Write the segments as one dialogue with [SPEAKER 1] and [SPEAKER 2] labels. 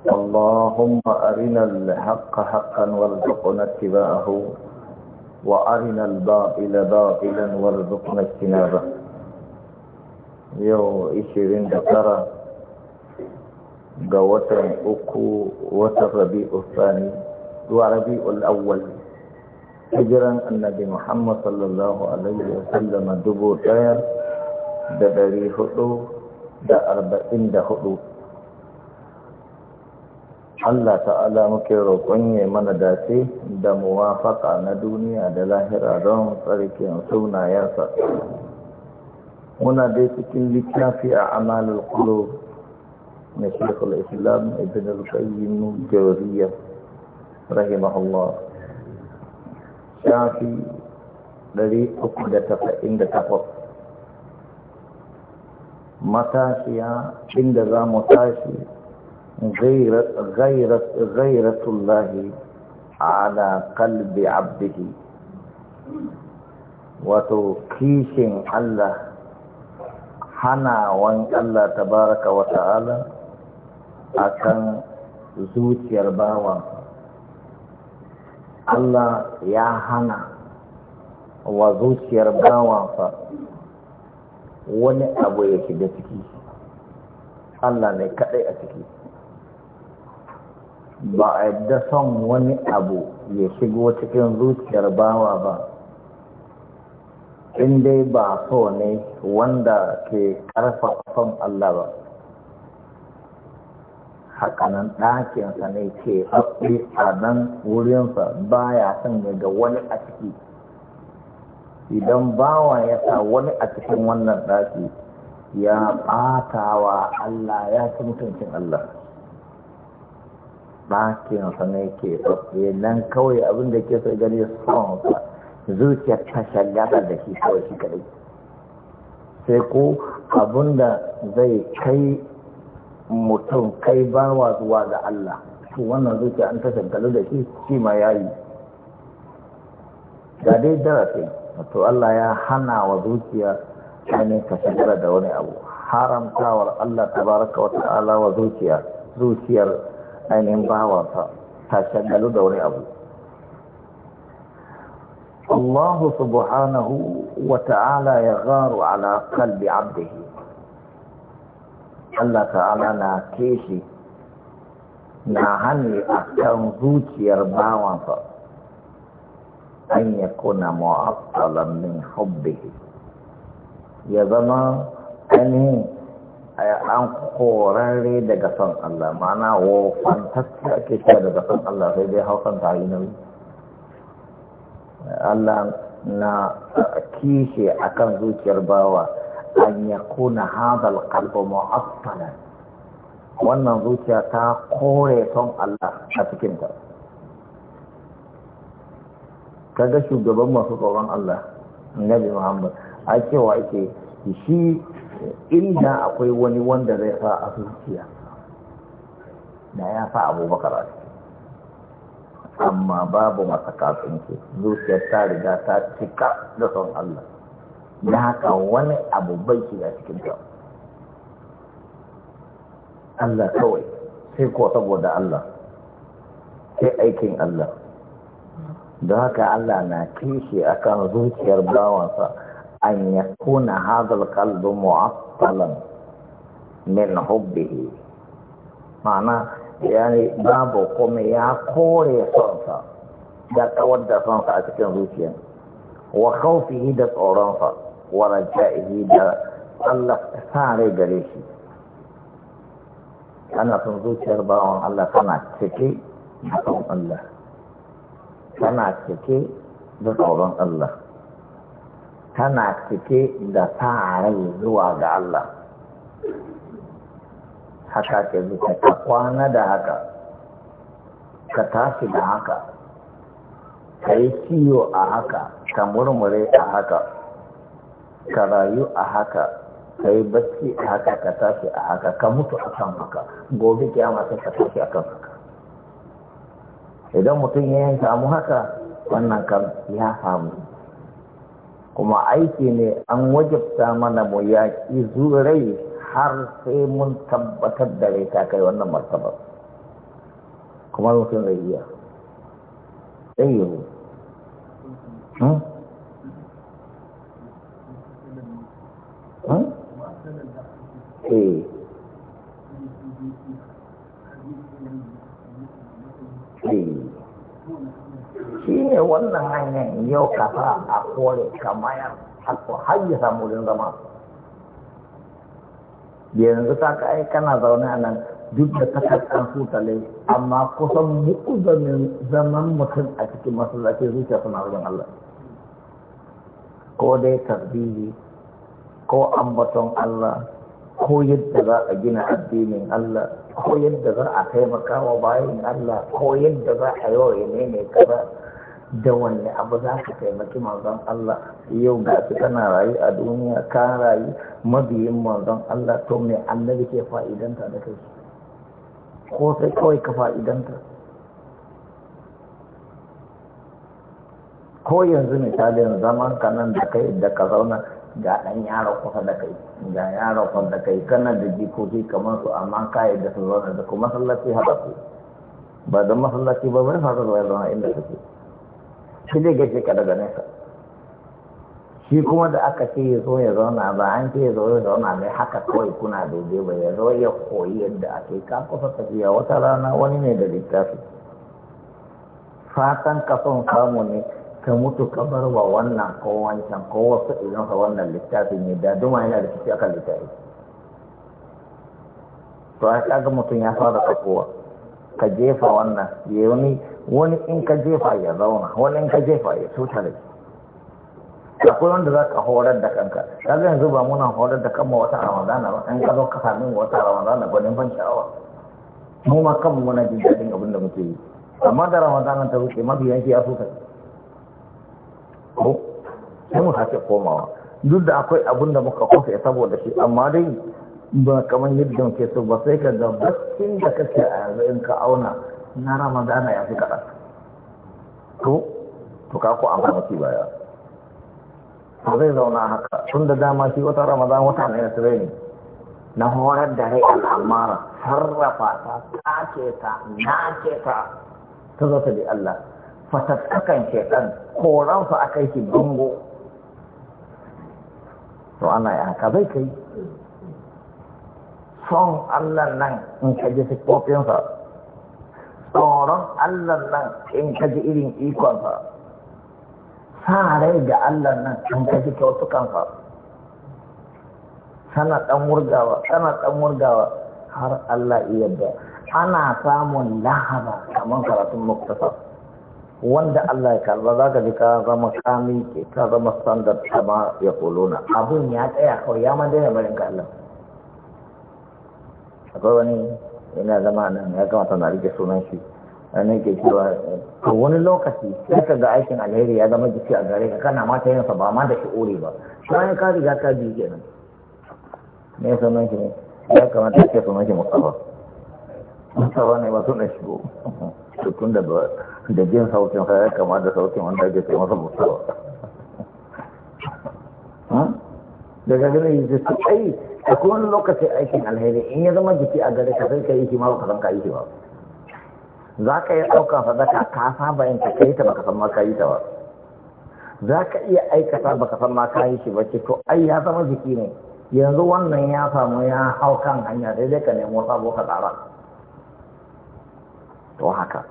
[SPEAKER 1] اللهم أرنا الحق حقا وارزقنا اتباعه وأرنا الباطل باطلا وارزقنا اجتنابه يو إشرين دكرة قوة أكو وتربيع الثاني وربيع الأول هجرا النبي محمد صلى الله عليه وسلم دبو da دبري خطو دأربعين دخطو Allah ta'ala muke roƙon ya mana dace da muwafaka na duniya da lahira don tsarkin sunayensa. Muna dai cikin littafi a amalar kulo na Shekul Islam Ibn al-Qayyim rahimahullah. Shafi 398 Matashiya inda za mu tashi غيرة, غيرة الله على قلب عبده وتكيش الله حنا وان الله تبارك وتعالى أكن زوج يرباوان الله يا حنا وزوج يرباوان wani abu yake da ciki Allah ne kaɗai a ciki ba a yadda son wani abu ya shigo cikin zuciyar bawa ba in dai ba so ne wanda ke ƙarfafa son Allah ba hakanan ɗakinsa ne ke haɗe a nan wurinsa ba ya son ne ga wani a ciki idan bawa ya sa wani a cikin wannan ɗaki ya ɓatawa Allah ya ci mutuncin Allah bakin ne ke tsaye nan kawai abin da ke sai gani son sa zuciyar ta shagaba da shi kawai shi kadai sai ko abin da zai kai mutum kai bawa zuwa ga Allah su wannan zuciya an ta shagalu da shi shi ma yi. ga dai darasi wato Allah ya hana wa zuciya ne ka shagala da wani abu haramtawar Allah tabaraka wa ta'ala wa zuciya zuciyar ainihin bawansa ta shagalu da wani abu الله سبحانه وتعالى يغار على قلب عبده Allah ta'ala na keshe na hannu a kan zuciyar bawansa an ya kuna ma'abtalan min hubbihi ya zama ainihin an korare daga son Allah mana wa ake cewa daga son Allah sai dai hausan ta yi nauyi Allah na kishe kan zuciyar bawa an ya kuna hadal kalbo mu'affalan wannan zuciya ta kore son Allah a cikinta kaga shugaban masu tsoron Allah Nabi Muhammad a cewa ake shi inda akwai wani wanda zai sa a zuciya da ya sa abubakar a amma babu masa kasance, zuciyar ta riga ta cika da son Allah Na haka wani abu bai a cikin ta Allah kawai sai ko saboda Allah sai aikin Allah don haka Allah na kishi akan zuciyar bawansa أن يكون هذا القلب معطلا من حبه معنى يعني باب قم يا قوري صنصا دا تودى صنصا أتكن روسيا وخوفه دا صورنصا ورجائه دا الله ساري قريشي أنا صنصوتي أربعة الله كانت تكي الله كانت تكي da tsoron Allah tana cike da sa rai zuwa ga Allah haka ke zuka ka kwana da haka ka tashi da haka ka yi kiyo a haka ka murmure a haka ka rayu a haka ka yi bacci a haka ka tashi a haka ka mutu a kan haka gobe kiyama sai ka tashi a kan haka idan mutum ya yi samu haka wannan kan ya samu kuma aiki ne an wajabta mana mu yaƙi zurai har sai mun tabbatar da rai ta kai wannan martabar kuma mutum zai iya zai yi hmm? hmm? eh wannan hanyar yau ka sa a kore ka mayar har ya samu wurin zama yanzu ta ka kai kana zaune a nan duk da kasar hutale amma kusan muku zaman mutum a cikin masallaci zuciya suna wajen Allah ko dai tasbihi ko ambaton Allah ko yadda za a gina addinin Allah ko yadda za a taimaka wa bayan Allah ko yadda za a yi wa ne kaza da wanne abu za ka taimaki manzon Allah yau ga su kana rayu a duniya ka rayu mabiyin manzon Allah to mai annabi ke fa'idanta da kai ko sai kawai ka fa'idanta ko yanzu misalin zaman ka nan da kai da ka zauna ga ɗan yaron kusa da kai ga yaron kusa da kai kana da jikoki kamar su amma ka da su zauna da kuma masallaci haɗa ku ba da masallaci ba bai fasa zuwa zama inda kake shi zai gaishe ka daga nesa shi kuma da aka ce ya zo ya zauna ba an ce ya zo ya zauna mai haka kawai kuna daidai ba ya zo ya koyi yadda ake ka kusa tafiya wata rana wani ne da littafi fatan ka son samu ne ka mutu ka bar wa wannan ko wancan ko wasu idan ka wannan littafi ne da duma yana da cikin akan littafi to a kaga mutum ya fara kafowa ka jefa wannan ya wani wani in ka jefa ya zauna wani in ka jefa ya ke akwai wanda za ka horar da kanka zai yanzu ba muna horar da kanmu wata ramadana ba in ka zo ka sami wata ramadana gwanin ban sha'awa mu ma kanmu muna jin daɗin abin da muke yi amma da ramadana ta wuce mafi yanki ya tutar ko sai mu sake komawa duk da akwai abin da muka kofe saboda shi amma dai ba kamar yadda muke so ba sai ka ga bakin da kake a yanzu in ka auna na ramadana ya fi kaɗan to to ka ko an baya to zai zauna haka tun da dama shi wata ramadan wata ne na tsirai na horar da rai al'amara sarrafa ta take ta ke ta ta zo ta bi Allah fatattakan shekan koransa a kai shi bango to ana yi haka zai kai son Allah nan in ka ji sikofinsa tsoron Allah nan in ka ji irin ikonsa sa rai ga Allah nan in ka ji kyautukansa sana ɗan wurgawa sana ɗan wurgawa har Allah iya da ana samun lahaba kamar karatun muktasa wanda Allah ya karba za ka ji ka zama kami ke ka zama standard kama ya kuluna abin ya tsaya kawai ya ma daina barin ka akwai wani yana zama nan ya kamata na rike sunan shi nan ke cewa to wani lokaci sai ka ga aikin alheri ya zama jiki a gare ka kana mata ta yin sa ba ma da shi'uri ba shi ya ka riga ka ke nan me sunan shi ne ya kamata ce sunan shi mustafa mustafa ne ba sunan shi ko to tun da da jin sautin sa ya kamata da sautin wanda ya ce masa mustafa daga yi shi sai a kowane lokacin aikin alheri in ya zama jiki a gare ka sai ka yi kima ka san ka yi ta ba za ka yi ɗauka sadaka ka saba yin ka kai ta baka san ma ka yi ta ba za ka iya aikata baka san ma ka yi shi ba ce to ai ya zama jiki ne yanzu wannan ya samu ya hau kan hanya sai dai ka nemo sabo ka tsara to haka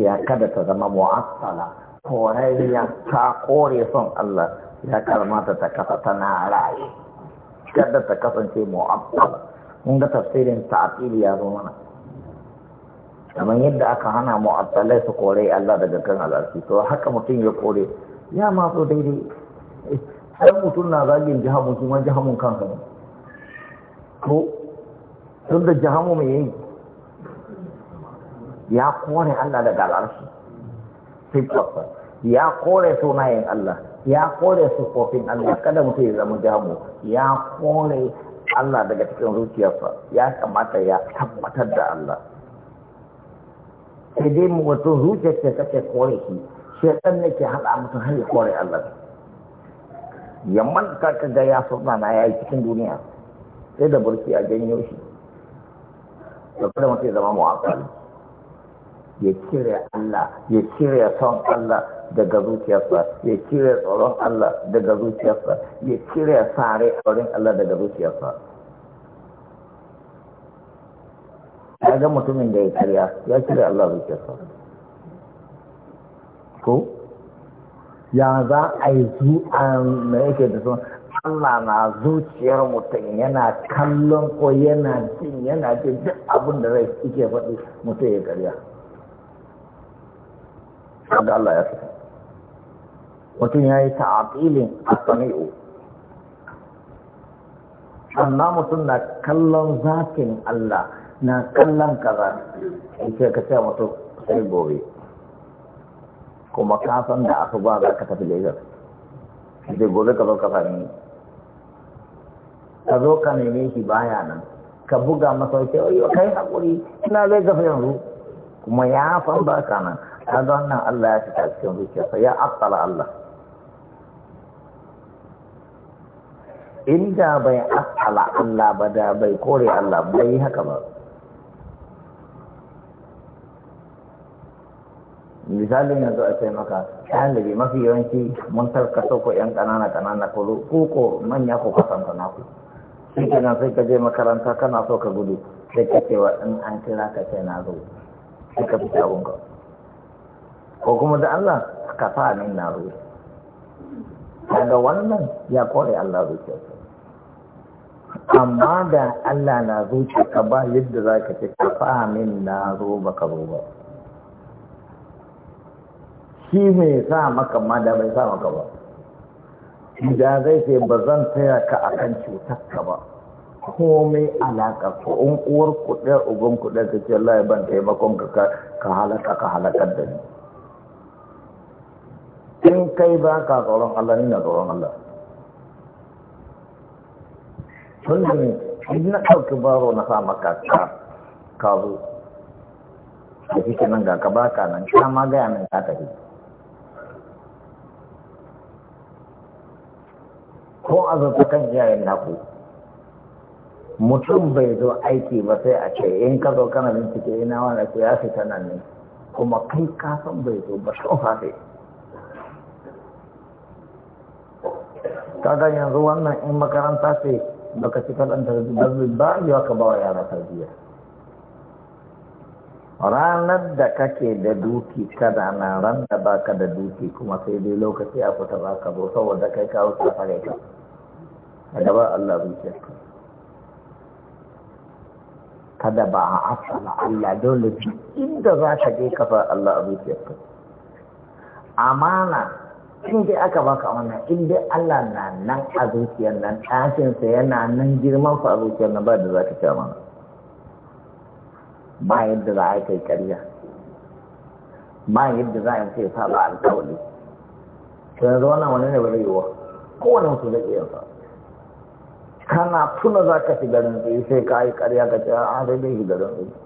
[SPEAKER 1] ya kada ta zama mu'assala korariya ta kore son Allah ya karmata ta kasa tana raye kada ta kasance mu'abbal mun ga tafsirin ta'atili ya zo mana kamar yadda aka hana mu'abbalai su kore Allah daga kan alarki to haka mutum ya kore ya ma so daidai sai mutum na zagin jihamu shi ma jihamun kansa ne ko tun da jihamu mai yi ya kore Allah daga alarki sai ya kore sunayen Allah ya kore sufofin Allah kada mutum ya zama jamu ya kore Allah daga cikin zuciyarsa ya kamata ya tabbatar da Allah sai dai wato zuciyar ce take kore shi shaitan ne ke haɗa mutum har ya kore Allah ya manta ka ga ya so na ya yi cikin duniya sai da burki a janyo shi da kada mutum ya zama mu'akali ya cire Allah ya cire son Allah daga zuciyarsa ya cire tsoron Allah daga zuciyarsa ya cire sare a wurin Allah daga zuciyarsa ya ga mutumin da ya karya ya cire Allah zuciyarsa ko ya za a yi a na yake da sun Allah na zuciyar mutum yana kallon ko yana jin yana jin duk abin da zai ike faɗi mutum ya karya wanda Allah ya fi mutum ya yi ta'atilin asami'u amma mutum na kallon zafin Allah na kallon kaza ce ka ce mutum sai gobe kuma ka san da aka ba za ka tafi Lagos sai gobe ka zo ka sami ka zo ka neme shi baya nan ka buga masa wace oyo kai haƙuri ina Lagos yanzu kuma ya san ba ka nan kaga wannan Allah ya fita cikin zuciyarsa ya asala Allah inda bai asala Allah ba da bai kore Allah bai haka ba misalin yanzu a ce maka ɗalibi mafi yawanci mun tarkato ko yan ƙanana ƙanana ko ko manya ko kasan ku shi nan sai ka je makaranta kana so ka gudu sai ka cewa in an kira ka ce na zo sai ka fita ka. ko kuma da Allah ka sa min na ruwa daga wannan ya kore Allah zuciyarsa amma da Allah na ka ba yadda za ka ce ka sa min na ruwa ka ruwa shi mai sa maka ma da bai sa maka ba da zai ce ba zan taya ka akan ka ba komai alaƙa ko in uwar kuɗe uban kuɗe ka ce Allah ban taimakon ka ka halaka ka halakar da ni in kai ba ka tsoron Allah ni na tsoron Allah tun da ne in na ɗauki baro na sa maka ka ka zo da kike nan ga ka ba ka nan ka ma gaya nan ka tafi ko azurta kan iyayen naku mutum bai zo aiki ba sai a ce in ka zo kana bincike ina wani ake ya fita nan ne kuma kai kasan bai zo ba ofa sai. kaga yanzu wannan in makaranta ce baka ci kaɗan tarbiyyar ba ya ka ba wa yara tarbiyya ranar da kake da duki kada na ran da baka da duki kuma sai dai lokaci a fita ba ka zo saboda kai kawo ta fare ka a gaba Allah ka kada ba a asala Allah dole inda za ka je kafa Allah a ka amana in dai aka baka wannan in dai Allah na nan a zuciyar nan ɗakinsa yana nan girman sa a zuciyar nan ba da za ka ce mana ba yadda za a kai ƙarya ba yadda za a kai saba alƙawari, to yanzu wannan wani ne ba zai yiwa kowane su zai iya sa kana tuna za ka shiga garin sai ka yi ƙarya ka ce a dai dai shiga garin sai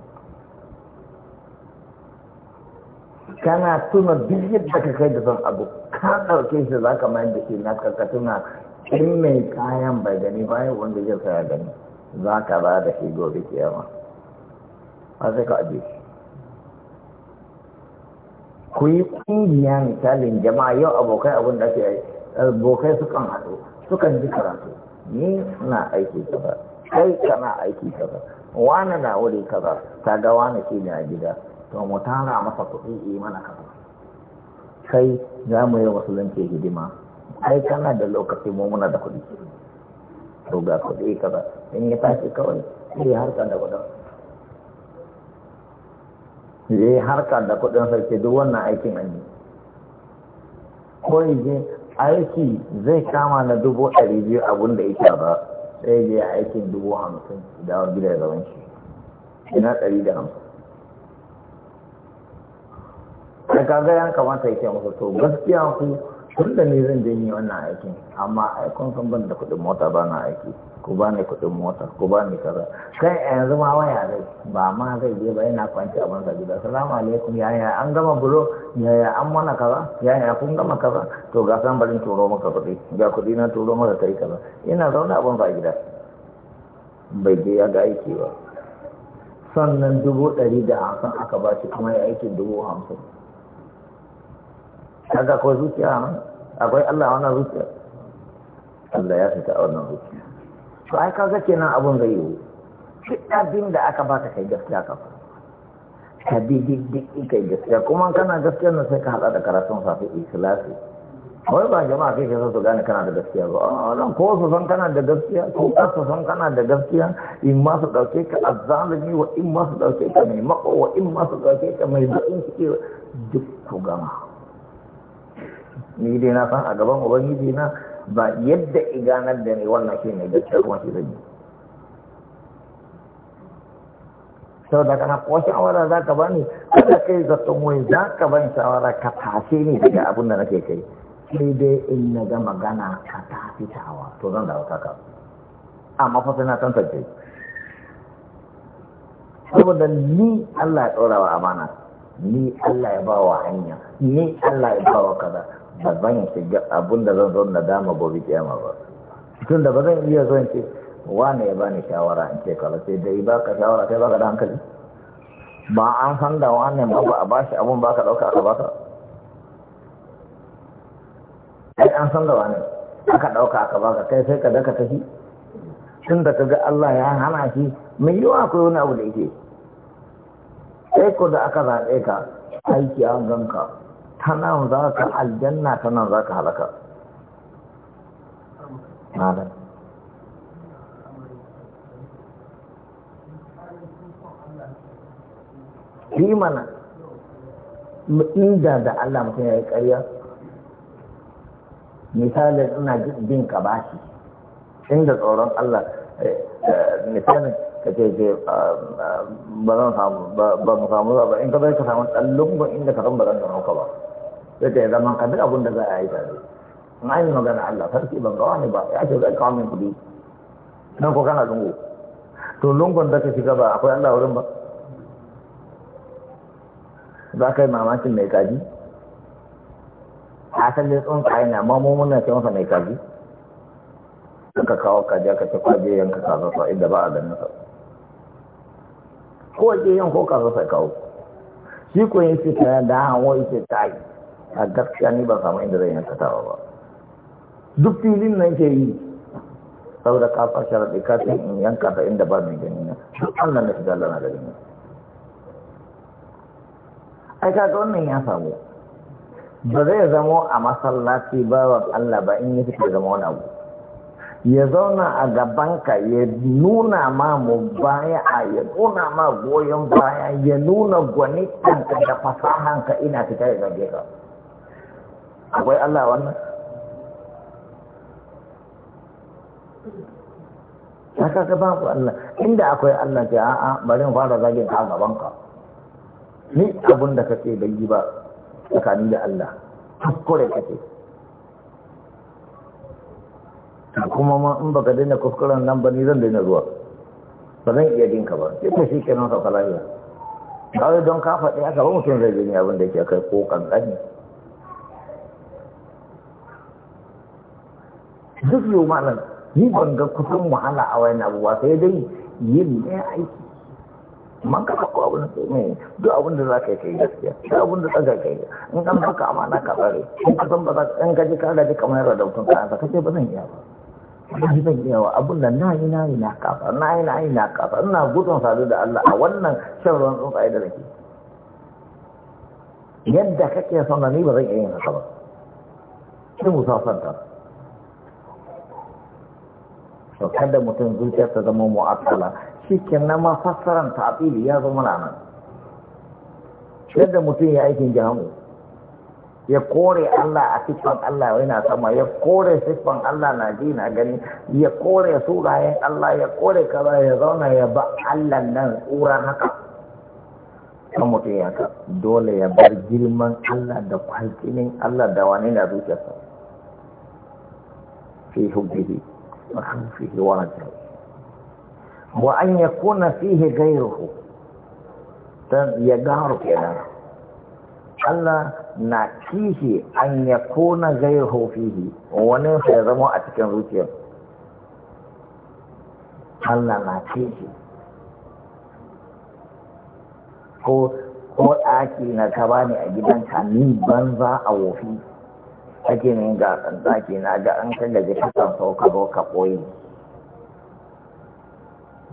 [SPEAKER 1] kana tuna duk yadda ka kai da son abu ka ɗauke shi za ka mayar da shi na ka tuna in mai kayan bai gani bayan wanda zai saya gani za ka ba da shi gobe kiyama a sai ka aje shi ku yi ƙungiya misalin jama'a yau abokai abin da ake abokai sukan haɗu sukan ji karatu ni na aiki kaza kai kana aiki kaza wani na wuri kaza ta ga wani shi ne a gida to mu tara masa kuɗi yi mana kaza kai za mu yi musulunci hidima ai kana da lokaci mu muna da kuɗi to ga kuɗi kaza in ya tashi kawai sai harka da kuɗin ya harka da kuɗin sarki duk wannan aikin an yi ko je aiki zai kama na dubu ɗari biyu abin da yake ba sai je aikin dubu hamsin da gida zaman shi ina ɗari da hamsin ai kaga ya kamata yake musu to gaskiya ku tun da ni zan janye wannan aikin amma aikon san ban da kuɗin mota ba na aiki ku ba ni kuɗin mota ku ba ni kaza kai a yanzu ma waya zai ba ma zai je ba yana kwanci a banza gida salamu alaikum yaya an gama bulo yaya an mana kaza yaya kun gama kaza to ga san barin turo maka kuɗi ga kuɗi na turo maka kai kaza ina zaune a banza gida bai je ya ga aiki ba sannan dubu ɗari da hamsin aka ba shi kuma ya aikin dubu hamsin kaga akwai zuciya nan akwai Allah wannan zuciya Allah ya fita a wannan zuciya to ai kaga kenan abun zai yiwu duk abin da aka baka kai gaskiya ka ka bi diddik kai gaskiya kuma kana gaskiya nan sai ka hada da karatun safi ikhlasi wai ba jama'a kai kasa su gane kana da gaskiya ba ah, wannan ko su san kana da gaskiya ko su san kana da gaskiya in ma su dauke ka azzalimi wa in ma su dauke ka mai mako wa in ma su dauke ka mai ba'in ciki duk ku gama ni dai na san a gaban ubangiji na ba yadda iganar da ni wannan shi ne gaskiya kuma shi zai sau da kana kuwa shawara za ka bani kada kai zaton wai za ka ban shawara ka tashe ni daga abin da nake kai sai dai in na ga magana ka tafi tawa to zan dawo kaka amma fa sai na san tantance saboda ni Allah ya tsorawa wa amana ni Allah ya ba wa hanya ni Allah ya ba wa kaza ba zan shiga abun da zan zo na dama gobe kiyama ba tun da ba zan iya zo ce wane ya bani shawara in ce kala sai dai ba ka shawara sai ba ka da hankali ba an san da wane ba ba a bashi abun ba ka ɗauka aka ka? ai an san da wane aka ɗauka aka ka kai sai ka daka tafi tun da ka ga Allah ya hana shi mai yiwa akwai wani abu da yake sai ko da aka zaɓe ka aiki an ganka ta nan za ka aljanna ta nan za ka halaka malam yi mana inda da Allah mutum ya yi ƙarya misalin ina bin ka bashi inda tsoron Allah eh, eh, misalin ka ce ce ah, ah, ba zan samu ba mu samu ba in ka zai ka samu ɗan lungun inda ka san ba zan gano ka ba sai ka yi zaman ka duk abin da za a yi tare na yi magana Allah sarki ban ga wani ba ya ce zai kawo min kuɗi nan ko kana lungu to lungun da ka shiga ba akwai Allah wurin ba za ka yi mamakin mai kaji asalin tsuntsaye na muna ce masa mai kaji ka kawo kaji ka ce kwaje yanka kaza sa inda ba a ganin sa ko ke yin ko kaza sa kawo shi ko shi ta da hawo yake ta yi a gaskiya ni ba samu inda zai hankatawa ba duk filin nan ke yi saboda kafa sharaɗe kafin in yanka ta inda ba mai gani na duk Allah na shiga lana da gani ai kaga wannan ya samu ba zai zamo a masallaci bawan Allah ba in ya fita zama wani abu ya zauna a gabanka ya nuna ma mu baya ya nuna ma goyon baya ya nuna gwanitanka da fasahanka ina fita ya zage ka akwai Allah wannan haka ka ba ku Allah inda akwai Allah ce a'a bari in fara zagin ka gaban ka ni abin da kake bai yi ba tsakanin da Allah kuskure kake kuma ma in baka daina kuskuren nan ba ni zan daina zuwa ba zan iya dinka ba sai ka shi kenan ka falahiya kawai don ka faɗi aka ba mutum zai gani abin da yake kai ko kankani duk yau malam ni ban ga kusan wahala a abu ba sai dai yin ne aiki man ka ko abin da ne duk abin da zaka kai gaskiya duk abin da zaka kai in kan baka amana ka bare in ka san ba za in ka ji ka gaji kamar da dautun ka ka ce ba zan iya ba ba zan iya ba, abin da nayi nayi na kafa nayi nayi na kafa ina gudun sadu da Allah a wannan shan ruwan tsuntsaye da nake yadda kake son da ni ba zan iya yin haka ba sai mu sasanta to kada mutum zuciyar ta zama mu'akkala shi kenan ma fassaran ta'abili ya zama nan yadda mutum ya aikin jahamu ya kore Allah a cikin Allah yana sama ya kore siffan Allah na ji na gani ya kore surayen Allah ya kore kaza ya zauna ya ba Allah nan tsura haka kan mutum ya ka dole ya bar girman Allah da kwalkinin Allah da wani na zuciyarsa fi hubbihi Wa وخلفه ورجله وأن يكون فيه غيره يجهر كده Allah na kishi an ya kona zai hofihi wani ya zama a cikin zuciyar Allah na kishi ko ko ɗaki na ka bani a gidanka ni banza a wofi ake min gasan tsantsaki na ga an kan gaje kan sau ka zo ka koyi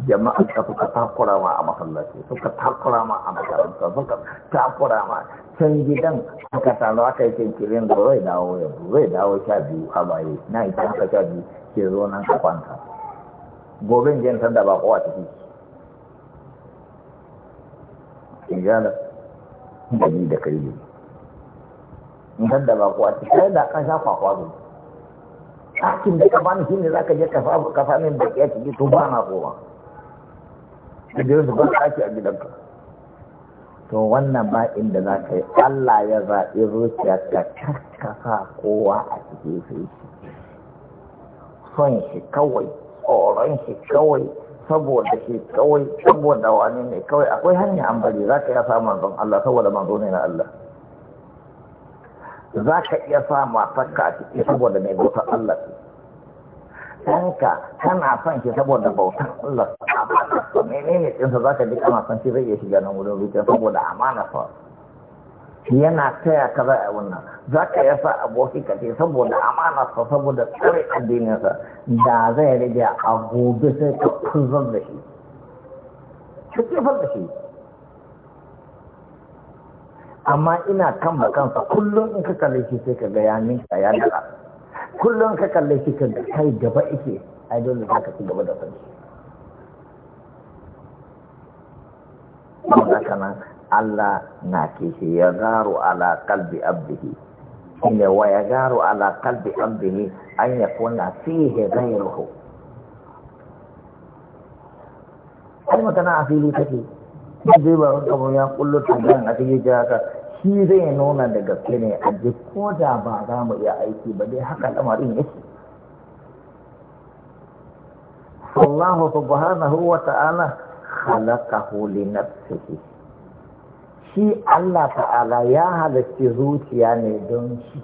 [SPEAKER 1] jama'a ta suka takura ma a masallaci suka takura ma a makaranta suka takura ma can gidan suka taro aka yi kinkirin da zai dawo yanzu zai dawo sha biyu a baye na can aka sha biyu ke zo nan ka kwanta gobin in da bako a ciki ijala da ni da kai ne in da ba a cikin da kan sha kwakwa zo ɗakin da ka bani shi ne za ka je kasa min da a ciki to ba na koma ka je su ban ɗaki a gidanka to wannan ba inda za ka yi Allah ya zaɓi zuciya ka karkasa kowa a ciki sai shi son shi kawai tsoron shi kawai saboda shi kawai saboda wani ne kawai akwai hanyar ambali. bari za ka ya sa manzon Allah saboda manzo ne na Allah za ka iya sa matarka a ciki saboda mai bautar Allah Ɗan ɗanka kana son shi saboda bautar Allah a matarsa ne ɗinsa za ka ji kana son shi zai iya shiga nan wurin zuciya saboda amana fa yana taya ka za a wannan za ka iya sa aboki ka ce saboda amana su saboda tsare addininsa da zai rage a gobe sai ka kuzar da shi ka kifar da shi amma ina kan kansa kullum in ka kalle shi sai ka ga ya ninka ya dala kullum ka kalle shi ka kai gaba ike ai dole za ka ci gaba da sani haka kana Allah na kishi ya garu ala kalbi abdihi shine wa ya garu ala kalbi abdihi an ya kuna fihe gairuhu ai magana a fili take zai ba abu ya kullu tambayan a cikin haka shi zai nuna da gaske ne a ji ko da ba za mu iya aiki ba dai haka lamarin yake Allah subhanahu wa ta'ala khalaqahu li nafsihi shi Allah ta'ala ya halarci zuciya ne don shi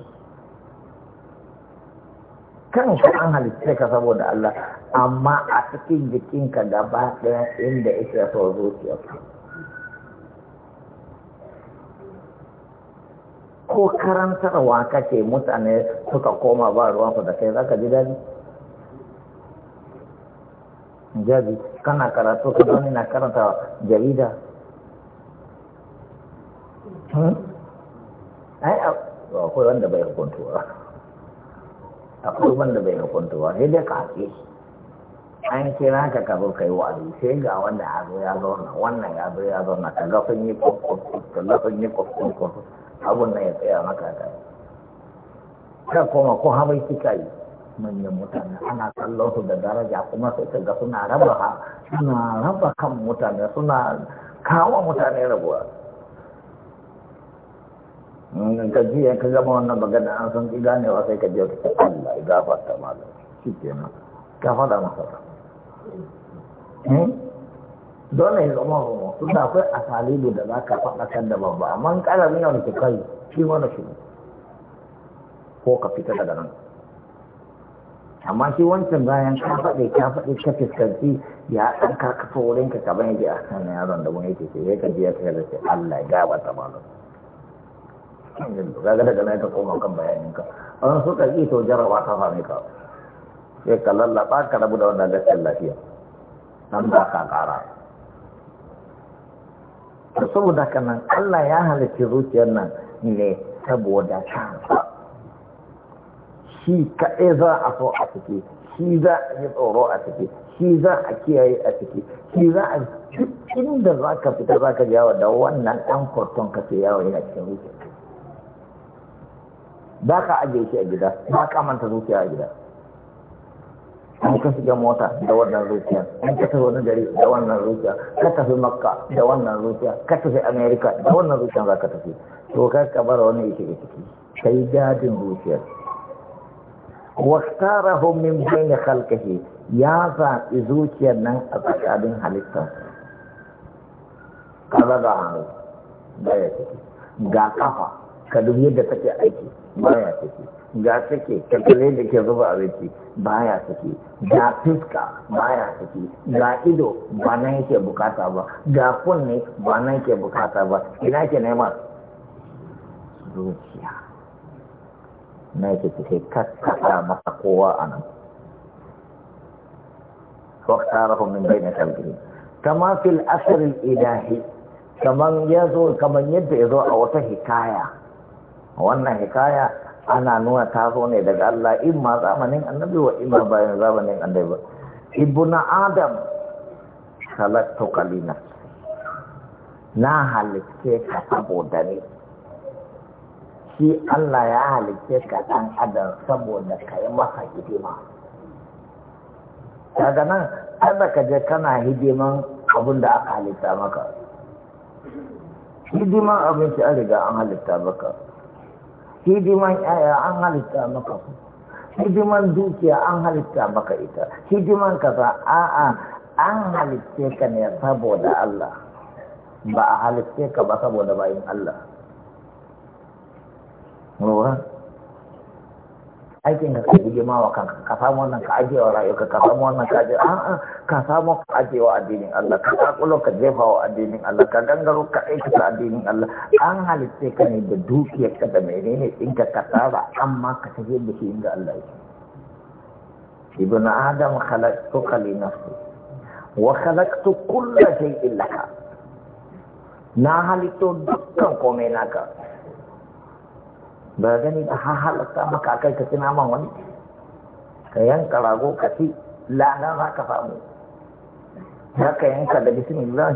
[SPEAKER 1] kanka an halitta ka saboda Allah amma a cikin jikinka gaba ɗaya inda ita so ka ko karantarwa kake mutane suka koma ba ruwansu da kai za ka ji daɗi jabi kana karatu ka na karanta jarida hmm? ai akwai wanda bai hukuntuwa akwai wanda bai hukuntuwa sai dai ka haƙe an kira ka ka zo ka yi wa'azi sai ga wanda ya zo ya wannan ya zo ya zo ka ka ga sun yi kwakwakwa abun nan ya tsaya maka da ka kuma ko hamai kika yi manyan mutane ana kallon su da daraja kuma sai ka ga suna raba suna raba kan mutane suna kawo mutane rabuwa ka ji ya ka gama wannan magana an san ganewa sai ka je ka Allah ya gafarta malam shi kenan ka faɗa masa hmm? dole ya zama ruwa tun da akwai asalilu da za ka kan da babba amma ƙara nuna yau ke kai shi wani shi ko ka fita daga nan amma shi wancan bayan ka faɗe ka faɗe ka fiskanci ya ɗan ka kafa wurin ka ka yake a kan yaron da wani yake ce ya kaji ya kai da ce Allah ya gaba ta malam ga daga nan ka koma kan bayanin ka an suka yi to jarawa ta mai ka sai ka lallaba ka rabu da wannan gaskiyar lafiya nan ba ka ƙara saboda haka nan Allah ya halarci zuciyar nan ne saboda kansa shi kaɗai za a so a ciki shi za a yi tsoro a ciki shi za a kiyaye a ciki shi za a duk inda za ka fita za ka yawo da wannan ɗan kwarton ka ce yawo yana cikin zuciya ba ka ajiye shi a gida ba ka manta zuciya a gida an ka shiga mota da wannan zuciya an ka tafi wani gari da wannan zuciya ka tafi makka da wannan zuciya ka tafi Amerika da wannan zuciya za ka tafi to ka ka bar wani ya shiga ciki kai gadin zuciyar wastarahum min bayni khalqihi ya za zuciyar nan a tsakanin halitta kaza ga hannu ya ciki ga kafa ka dubi yadda take aiki ya ciki ga take kakule da ke zuba abinci baya saki, ga fiska baya saki, ga ido ba nan yake bukata ba ga kunne ba nan yake bukata ba ina ke nema zuciya na yake take kakkaɗa masa kowa a nan واختاره من بين خلقه كما في الأثر الإلهي كما يزو كما يدعو أو تهكاية وأن هكاية ana nuna taso ne daga Allah in ma zamanin annabi wa in ma bayan zamanin annabi ibnu adam khalaqtu qalina na halicce ka saboda ne shi Allah ya halicce ka dan adam saboda ka yi masa hidima daga nan Allah ka je kana hidiman abin da aka halitta maka hidiman abinci an riga an halitta maka hidiman ƴaƴa an halitta maka ku hidiman dukiya an halitta maka ita hidiman kaza a'a an halitte ka ne saboda Allah ba a halitte ka ba saboda bayin Allah lura aikin ka buge ma wa kanka ka samu wannan ka ajewa rayuka ka samu wannan ka ajewa a'a ka samu ka ajewa addinin Allah ka kakulo ka jefa wa addinin Allah ka gangaro ka aikata addinin Allah an halitta ka ne da dukiyar ka da menene in ka tsara amma ka tafi da shi inda Allah yake ibn adam khalaqtuka li nafsi wa khalaqtu kulla shay'in laka na halitto dukkan komai naka ba gani da ha maka kai ka ci naman wani ka yanka rago ka ci lana za ka samu za ka yanka da bismillah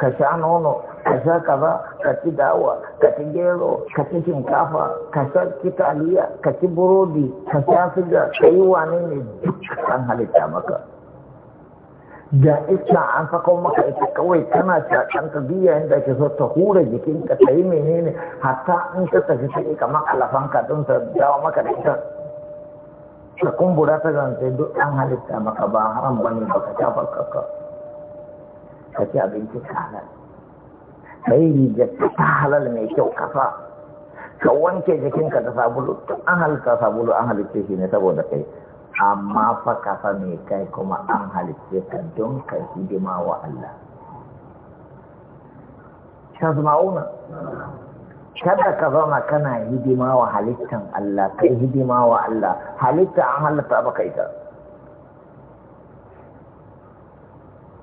[SPEAKER 1] ka sha nono ka sha kaza ka ci dawa ka ci gero ka ci shinkafa ka sha kitaliya ka ci burodi ka sha siga ka yi ne duk an halitta maka da ita an sako maka ita kawai kana shakan ka biya yadda ake so ta hura jikinka ta yi menene hatta in ka tafi sai kamar ka don ta dawo maka da ita ta kumbura ta zance duk an halitta maka ba haram ba ne ba ka ta farka ka ci abinci ka halal ka yi rigar ta halal mai kyau kafa ka wanke jikinka da sabulu an halitta sabulu an halitta shi ne saboda kai amma fa kafa mai kai kuma an halitta ka don ka hidima wa Allah shazma'una kada ka zama kana hidima wa halittan Allah kai hidima wa Allah halitta an halatta baka ita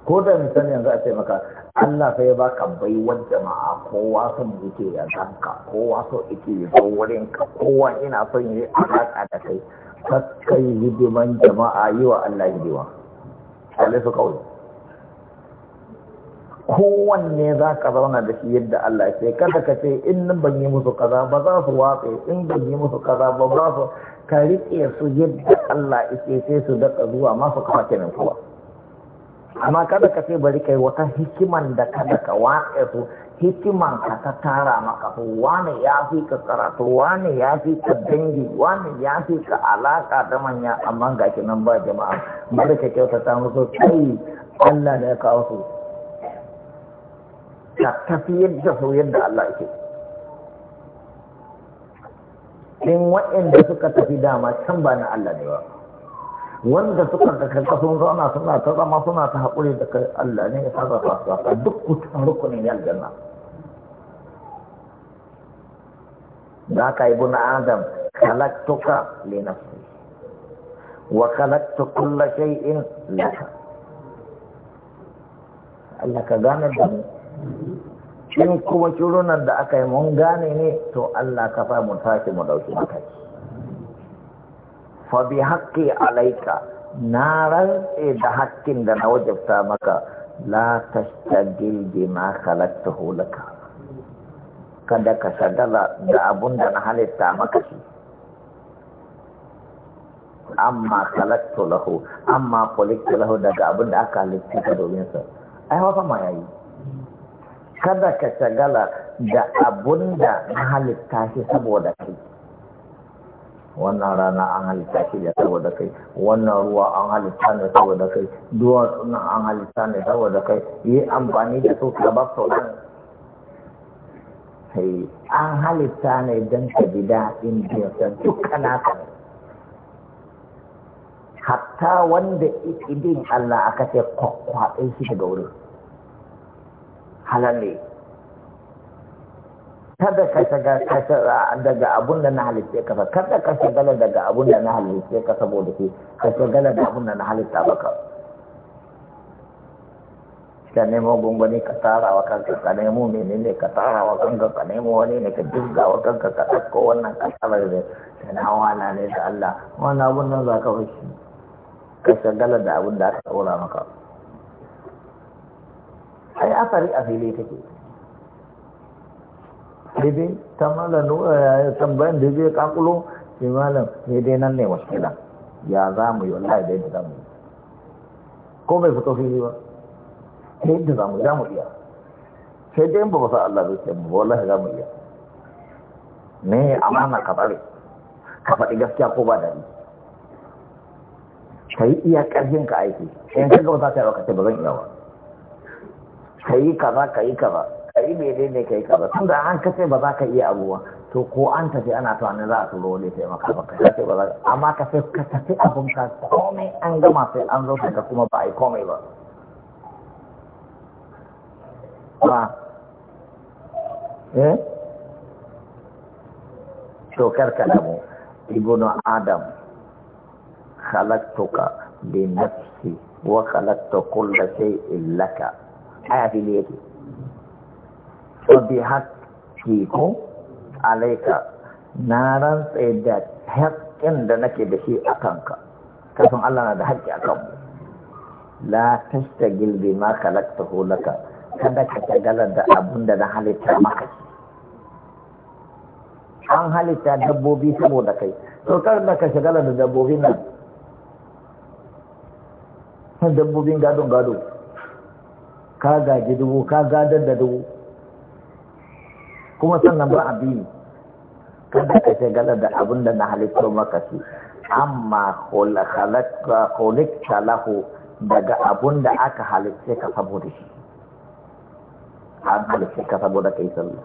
[SPEAKER 1] ko da misali yanzu a ce maka Allah sai ya baka baiwar jama'a kowa son yake ya zanka kowa so yake ya zo wurinka kowa ina son yi alaƙa da kai kakkai hidiman jama'a yi wa Allah yiwa su kawai kowanne za ka zauna da shi yadda Allah ce kada ka ce in ban yi musu kaza ba za su wafe, in ban yi musu kaza ba za su ka riƙe su yadda Allah ike sai su daɗa zuwa masu kama kenan kuwa amma kada ka ce bari kai wata hikiman da kada ka watsa su hikiman ka ta tara maka to wane ya fi ka karatu wane ya fi ka dangi wane ya fi ka alaka da manya amma ga nan ba jama'a bari ka ta musu kai Allah da ya kawo su ka tafi yadda su yadda Allah ke in waɗanda suka tafi dama can ba na Allah ne ba wanda suka da kanka sun zauna suna ta zama suna ta haƙuri da kai Allah ne ya saba fasuwa duk kutan rukunin ya aljanna da ka yi buna adam kalaktuka li nafsi wa kalaktu kulla in laka Allah ka gane da mu in kuma shirunan da aka yi mun gane ne to Allah ka fa mu tashi mu ɗauki mataki fa bi haqqi alayka na rantse da haƙƙin da na wajabta maka la tashtagil bima khalaqtahu laka kada ka shagala da abunda da na halitta maka amma khalaqtu lahu amma khuliqtu lahu daga abun aka domin sa haka kada ka da na halitta saboda wannan rana an halitta shi ne saboda kai wannan ruwa an halitta ne saboda kai duwatsu nan an halitta ne saboda kai yi amfani da su ka bar sau sai an halitta ne don ka ji daɗin jinsan duka ka ne hatta wanda ikidin Allah aka ce kwakwaɗe shi daga wurin halar ne kada ka shiga daga abun da na halitta ka kada ka shiga daga abun da na halitta ka saboda ke ka shiga daga abun da na halitta ba ka nemo gungwani ka tara wa kanka ka nemo menene ka tara wa kanka ka nemo wani ne ka dinga wa kanka ka ɗauko wannan ka tara da sanawa na ne da Allah wani abun nan za ka shi, ka shagala da abun da aka ɗora maka ai asali a fili take daidai eh, ta malam tambayan da zai kakulo mala malam daidai nan ne waskila ya za mu yi wallahi da yadda za mu yi ko bai fito fili ba ta yadda za mu za mu iya sai dai ba sa Allah zai ce mu wallahi za mu iya ne amana ka bari ka faɗi gaskiya ko ba dari, ka yi iya ƙarfin ka aiki sai ka ga ba za ta yi ba ba zan iya ba ka yi kaza ka yi kaza ka yi kai ka ba kaza tun da an kace ba za ka iya abuwa to ko an tafi ana tunanin za a turo sai taimaka ba ka kace ba za ka amma ka sai ka tafi abun ka komai an gama sai an zo ka kuma ba a yi komai ba ba eh to karka mu ibnu adam khalaqtuka bi nafsi wa khalaqtu kulla shay'in laka aya fili yake wa bi haqqi ko alayka na rantsa da haƙƙin da nake da shi a kanka kafin Allah na da haƙƙi a kanmu la tashtagil gilbi ma kalakta laka kada ka tagalar da abun da na halitta maka an halitta dabbobi saboda kai to kar da ka shagala da dabbobin nan dabbobin gadon gado ka gaji dubu ka gadar da dubu kuma sannan ba addini kada ka gada da abin da na halittar maka su amma halitta lahu daga abin da aka halitta ka saboda shi an halitta ka saboda yi sallah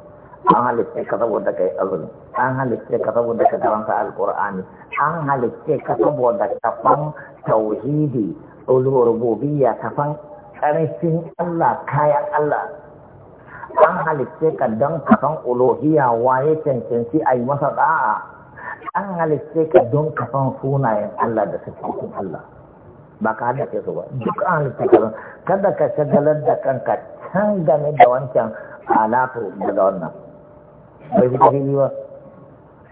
[SPEAKER 1] an halitta ka saboda yi azumi an halitta ka saboda ka karanta alkur'ani an halitta ka saboda kafan tauhidi ulul rububiyya kafan karfin Allah kayan Allah an halicce ka don ka san uluhiyya waye cancanci a yi masa da'a an halicce ka don ka san sunayen Allah da siffofin Allah ba ka ce su ba duk an halicce ka don kada ka shagalar da kanka can game da wancan alatu daga wannan bai fi kafili ba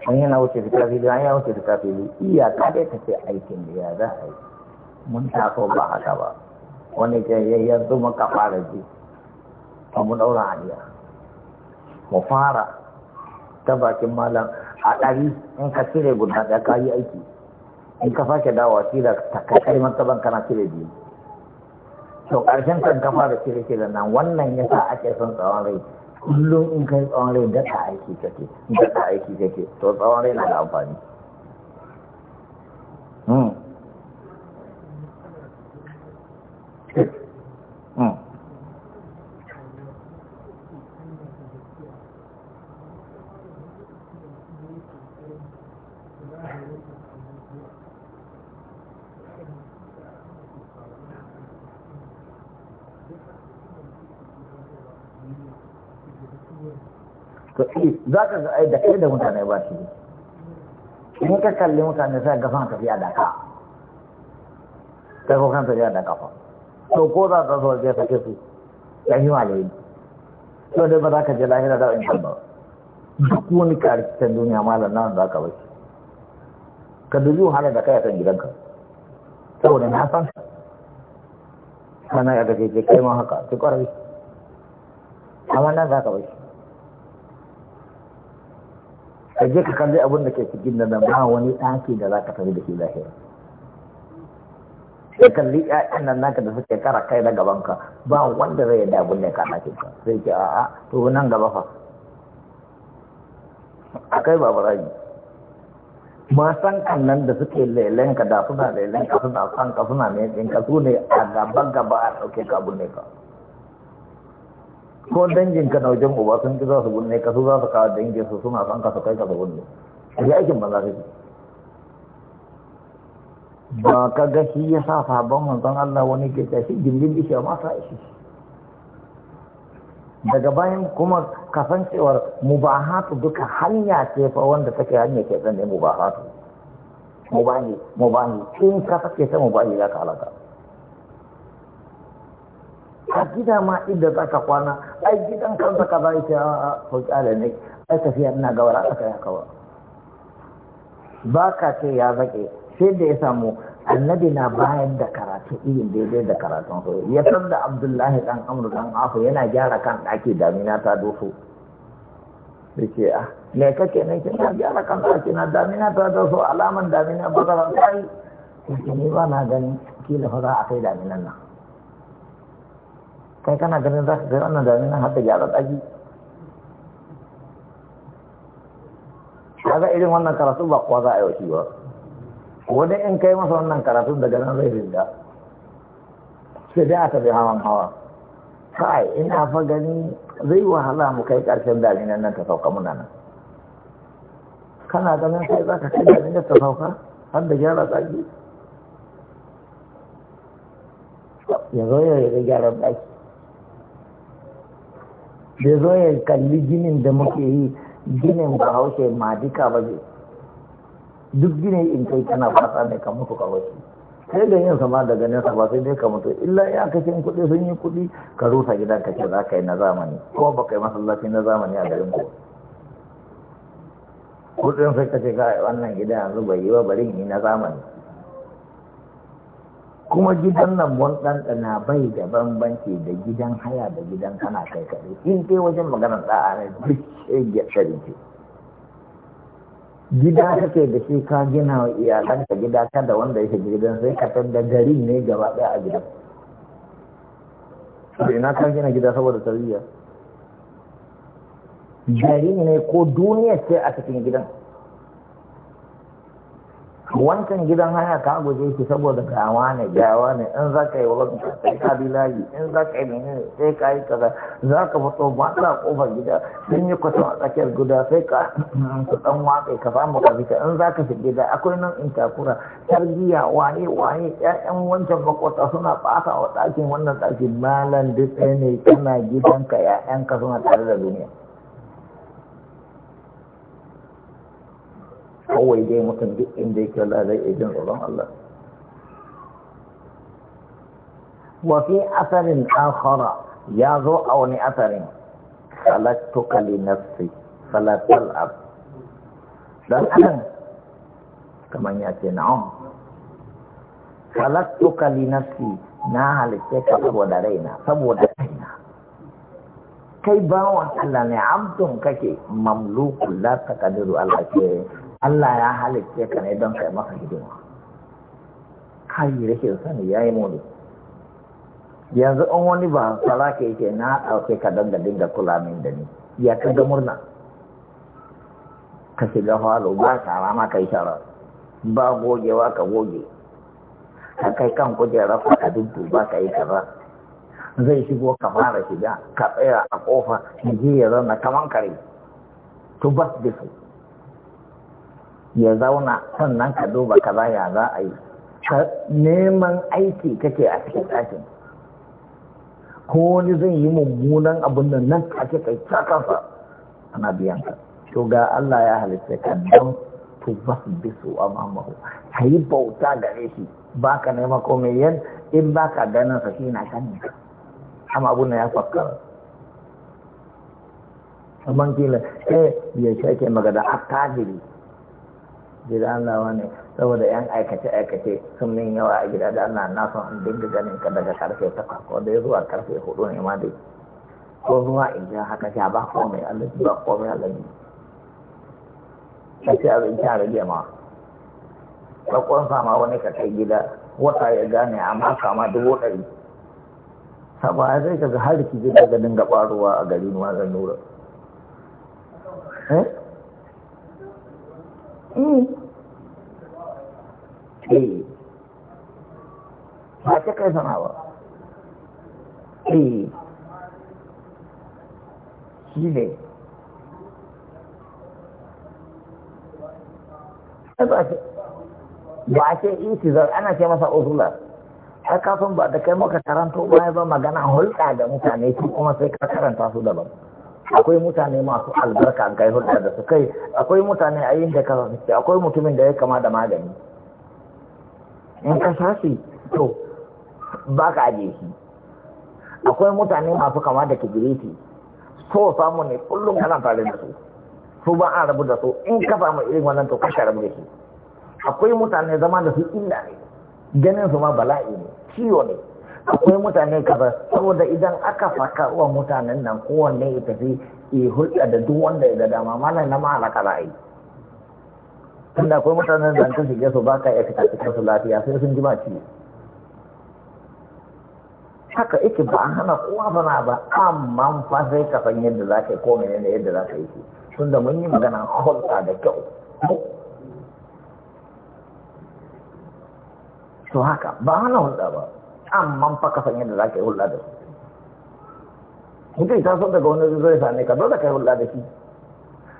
[SPEAKER 1] an na wuce fita fili an na wuce fita fili iyaka dai ta ce aikin da ya za a yi mun taso ba haka ba wani ce yanzu muka fara ji ba mu daura aliya mu fara ta bakin malam a ɗari in ka cire guda ɗaya ka yi aiki in ka sake dawa shi da takakai martaban kana cire biyu to ƙarshen kan ka fara cire cire nan wannan ya sa ake son tsawon rai kullum in kai tsawon rai daɗa aiki kake daɗa aiki kake to tsawon rai na da amfani ka ga da kai da mutane ba shi in ka kalli mutane sai ga fan tafiya da ka ta ko kan tafiya da kafa to ko za ka zo ga sake su ya yi malayi to dai ba za ka je lahira da in ba duk wani karkitan duniya malam nan za ka bai ka dubi wahala da kai a kan gidanka saboda na san sana ya gaje kai ma haka ki kwarai amma nan za ka bai ka je ka kalli abin da ke cikin da nan ba wani ɗaki da za ka tafi da shi lahira sai kalli ƴaƴan nan naka da suke kara kai na gaban ka ba wanda zai yadda abin da ka nake ka sai ke a'a to nan gaba fa akai ba barayi kan nan da suke lelen ka da suna lelen ka suna san ka suna ne ka su ne a gaban gaba a ɗauke ka abin ne ka ko dangin ka na wajen uba sun ki za su gunne ka su za su kawo dangin su suna son ka su kai ka su gunne ya aikin banza ba ka ga shi ya sa sabon manzon Allah wani ke tashi gindin bishiya ma sa shi daga bayan kuma kasancewar mubahatu duka hanya ce fa wanda take hanya ke ne mubahatu mubahi mubahi in ka sake ta mubahi za ka a gida ma inda za ka kwana ai gidan kansa ka ba ita a sauƙi da ne ai tafiya ina gawara aka yi haka ba ba ka ce ya zaƙe sai da ya samu annabi na bayan da karatu irin daidai da karatun su ya san da abdullahi dan amru dan afu yana gyara kan ɗaki damina ta doso yake a ah, me kake nan ki na gyara kan ɗaki na damina ta doso alaman damina ba za ta yi ne ba na ganin kila fa za a kai daminan nan kai kana ganin za ka kai wannan damina har da gyara ɗaki kaga irin wannan karatu ba kuwa za a yi ba wani in kai masa wannan karatu daga nan zai rinda sai dai a tafi hawan hawa kai ina fa gani zai wahala mu kai ƙarshen damina nan ta sauka muna nan kana ganin sai za ka kai daminan ta sauka har da gyara ɗaki ya zo ya gyara ɗaki da zo ya kalli ginin da muke yi ginin bahaushe ma duka ba zai duk ginin in kai kana fasa ne ka mutu kawai sai da yin sama daga nesa ba sai dai ka mutu illa ya kashe kuɗi sun yi kuɗi ka rusa gidan ka ce za ka yi na zamani kuma ba ka yi masallaci na zamani a garin ku kuɗin sai ka ce ka wannan gidan yanzu bai yi ba bari yi na zamani kuma gidan nan mun ɗanɗana bai da bambanci da gidan haya da gidan kana kai kaɗai in dai wajen maganar ɗa'a ne duk shirya ce gida kake da shi ka gina wa iyalanka gida da wanda yake gidan sai ka da gari ne gaba ɗaya a gidan da ina ka gina gida saboda tarbiyya gari ne ko duniya ce a cikin gidan wancan gidan haya ka guje shi saboda gawa ne gawa ne in za ka yi wanka sai ka bi layi in za ka yi menene sai ka yi kaza za ka fito ba ta kofar gida sun yi kwasan a tsakiyar guda sai ka dan watsa ka ba mu kafita. in za ka shiga gida akwai nan in takura tarbiyya waye waye ƴaƴan wancan makwata suna ɓata wa ɗakin wannan ɗakin malam duk ne kana gidanka ƴaƴanka suna tare da duniya kawai dai mutum duk inda yake Allah zai iya jin tsoron Allah wa fi asarin akhara ya zo a wani asarin salattuka li nafsi salatul ab dan anan kaman ya ce na'am salattuka li nafsi na halitta ka saboda raina saboda raina kai bawon Allah ne abdun kake mamluku la takadiru Allah ke Allah ya halicce ka ne don kai maka hidima kai rashin sani ya yi muni yanzu an wani ba sala ke yake na ɗauke ka don da dinga kula min da ni ya ka ga murna ka shiga falo ba shara ma kai shara ba gogewa ka goge ka kai kan kujera ko ka ba ka yi kaza zai shigo ka fara shiga ka tsaya a ƙofa. ya je ya zauna kaman kare to bas da su ya zauna sannan ka duba kaza ya za a yi Ka neman aiki kake a cikin ɗakin ko wani zai yi mummunan abin da nan kake kai cakansa ana biyan ka to ga Allah ya halitta ka don to ba su bi su amamahu ka yi bauta gare shi ba ka nema komai yan in ba ka ganin sa shi na kan ka amma abin da ya fakkara amma kila sai eh, ya shake magana a tajiri gida Allah ne saboda yan aikace aikace sun min yawa a gida da Allah na son in dinga ganin ka daga karfe takwas ko dai zuwa karfe hudu ne ma dai ko zuwa in ja haka sha ba komai Allah ba komai Allah ne kace abin ta rage ma bakon sama wani ka kai gida wata ya gane amma kama dubu ɗari saboda zai ka ga har ki gida ga dinga ɓarowa a gari ma zan nura eh Mm. eh ba ta kai sana ba eh. ba ce intizar ana ce masa usula har kafin ba da kai maka karanto baya ba magana hulɗa da mutane su kuma sai ka karanta su daban akwai mutane masu albarka ga hulɗa da su kai akwai mutane a yin da ka akwai mutumin da ya kama da magani in ka shafi to ba ka aje shi akwai mutane masu kama da kibiriti so samu ne kullum kana tare da su su ba a rabu da su in ka samu irin wannan to ka rabu da shi akwai mutane zama da su illa ne ganin su ma bala'i ne ciwo ne akwai mutane kaza saboda idan aka faka wa mutanen nan kowanne ya tafi ya hulɗa da duk wanda ya ga dama mana na mahalaka za a tun da akwai mutanen da ka shige su baka ya fita cikin su lafiya sai sun ji ba ciwo haka yake ba a hana kowa bana ba amma fa sai ka san yadda za ka yi ko ne yadda za ka yi da mun yi magana hulɗa da kyau to haka ba hana hulɗa ba amman fa ka san yadda za ka yi hulɗa da su in kai ta so daga wani ya sami ka dole ka yi hulɗa da shi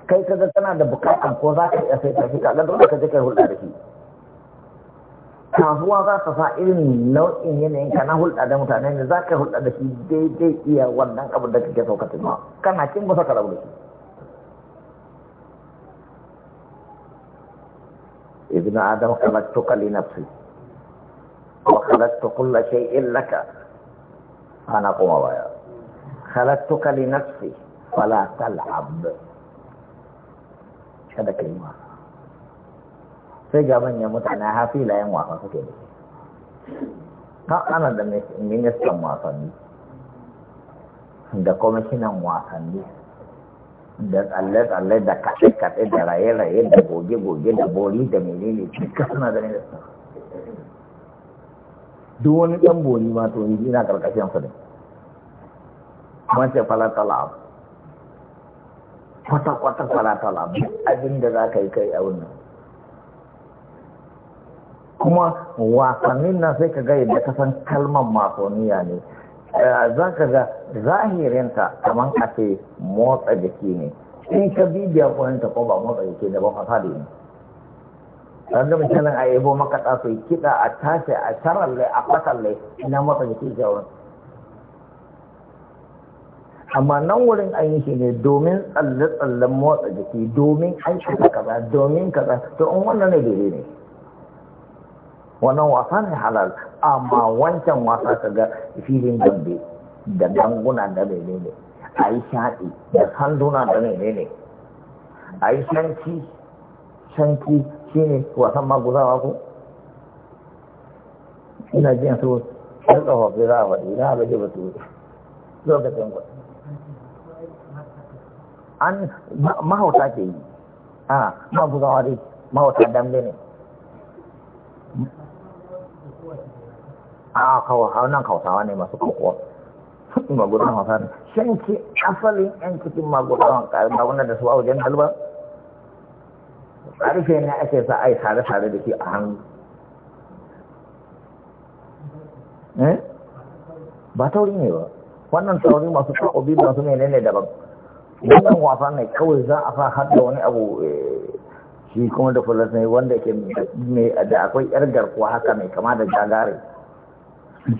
[SPEAKER 1] kai ka ga kana da bukatan ko za ka iya sai ta shi ka dole ka je ka yi hulɗa da shi kasuwa za ka sa irin nau'in yanayin ka na hulɗa da mutane ne za ka hulɗa da shi daidai iya wannan abin da kake so ka tuma kana kin ba ka rabu da shi Ibn adam khalaqtuka na fi. وخلقت كل شيء لك أنا قوم بيا خلقتك لنفسي فلا تلعب kada ka yi wasa sai ga manyan mutane hafi layan wasa suke da ta ana da ministan wasanni da kwamishinan wasanni da tsalle-tsalle da kaɗe-kaɗe da raye-raye da goge-goge da bori da menene cikin suna da ministan duk wani ɗan boni ma to ina karkashin su ne wance falatala kwata-kwata falatala abin da za ka yi kai a wannan kuma wasannin nan sai ka gaya da kasan san kalmar masoniya ne eh, za ka ga zahirinta kamar a ce motsa jiki ne in ka bibiya ta ko ba motsa jiki da ba da ne an gama canan a yabo makaɗa su kida a tashi a taralle a fatalle ina masa jiki jawon amma nan wurin an yi shi ne domin tsalle-tsallen motsa jiki domin aikata kaza domin kaza to in wannan ne daidai ne wannan wasa ne halal amma wancan wasa ka ga filin dambe da ganguna da mene ne a yi shaɗi da sanduna da mene ne a yi shanki shanki shi ne wasan maguzawa ku? ina jin su ɗan tsofaffi za a faɗi na gaji ba su lokacin ku an mahauta ke yi a maguzawa dai mahauta dambe ne a kawo nan kausawa ne masu kokowa magudan hausa ne shanki asalin yan cikin magudan hausa ba da su a wajen dalba ƙarfe ne ake sa ai tare tare da shi a hannu eh? ba tauri ne ba wannan tauri masu biyu masu menene daban wannan wasa ne kawai za a fa har wani abu eh, shi kuma da fulas ne wanda ke da akwai yar garkuwa haka mai kama da jagare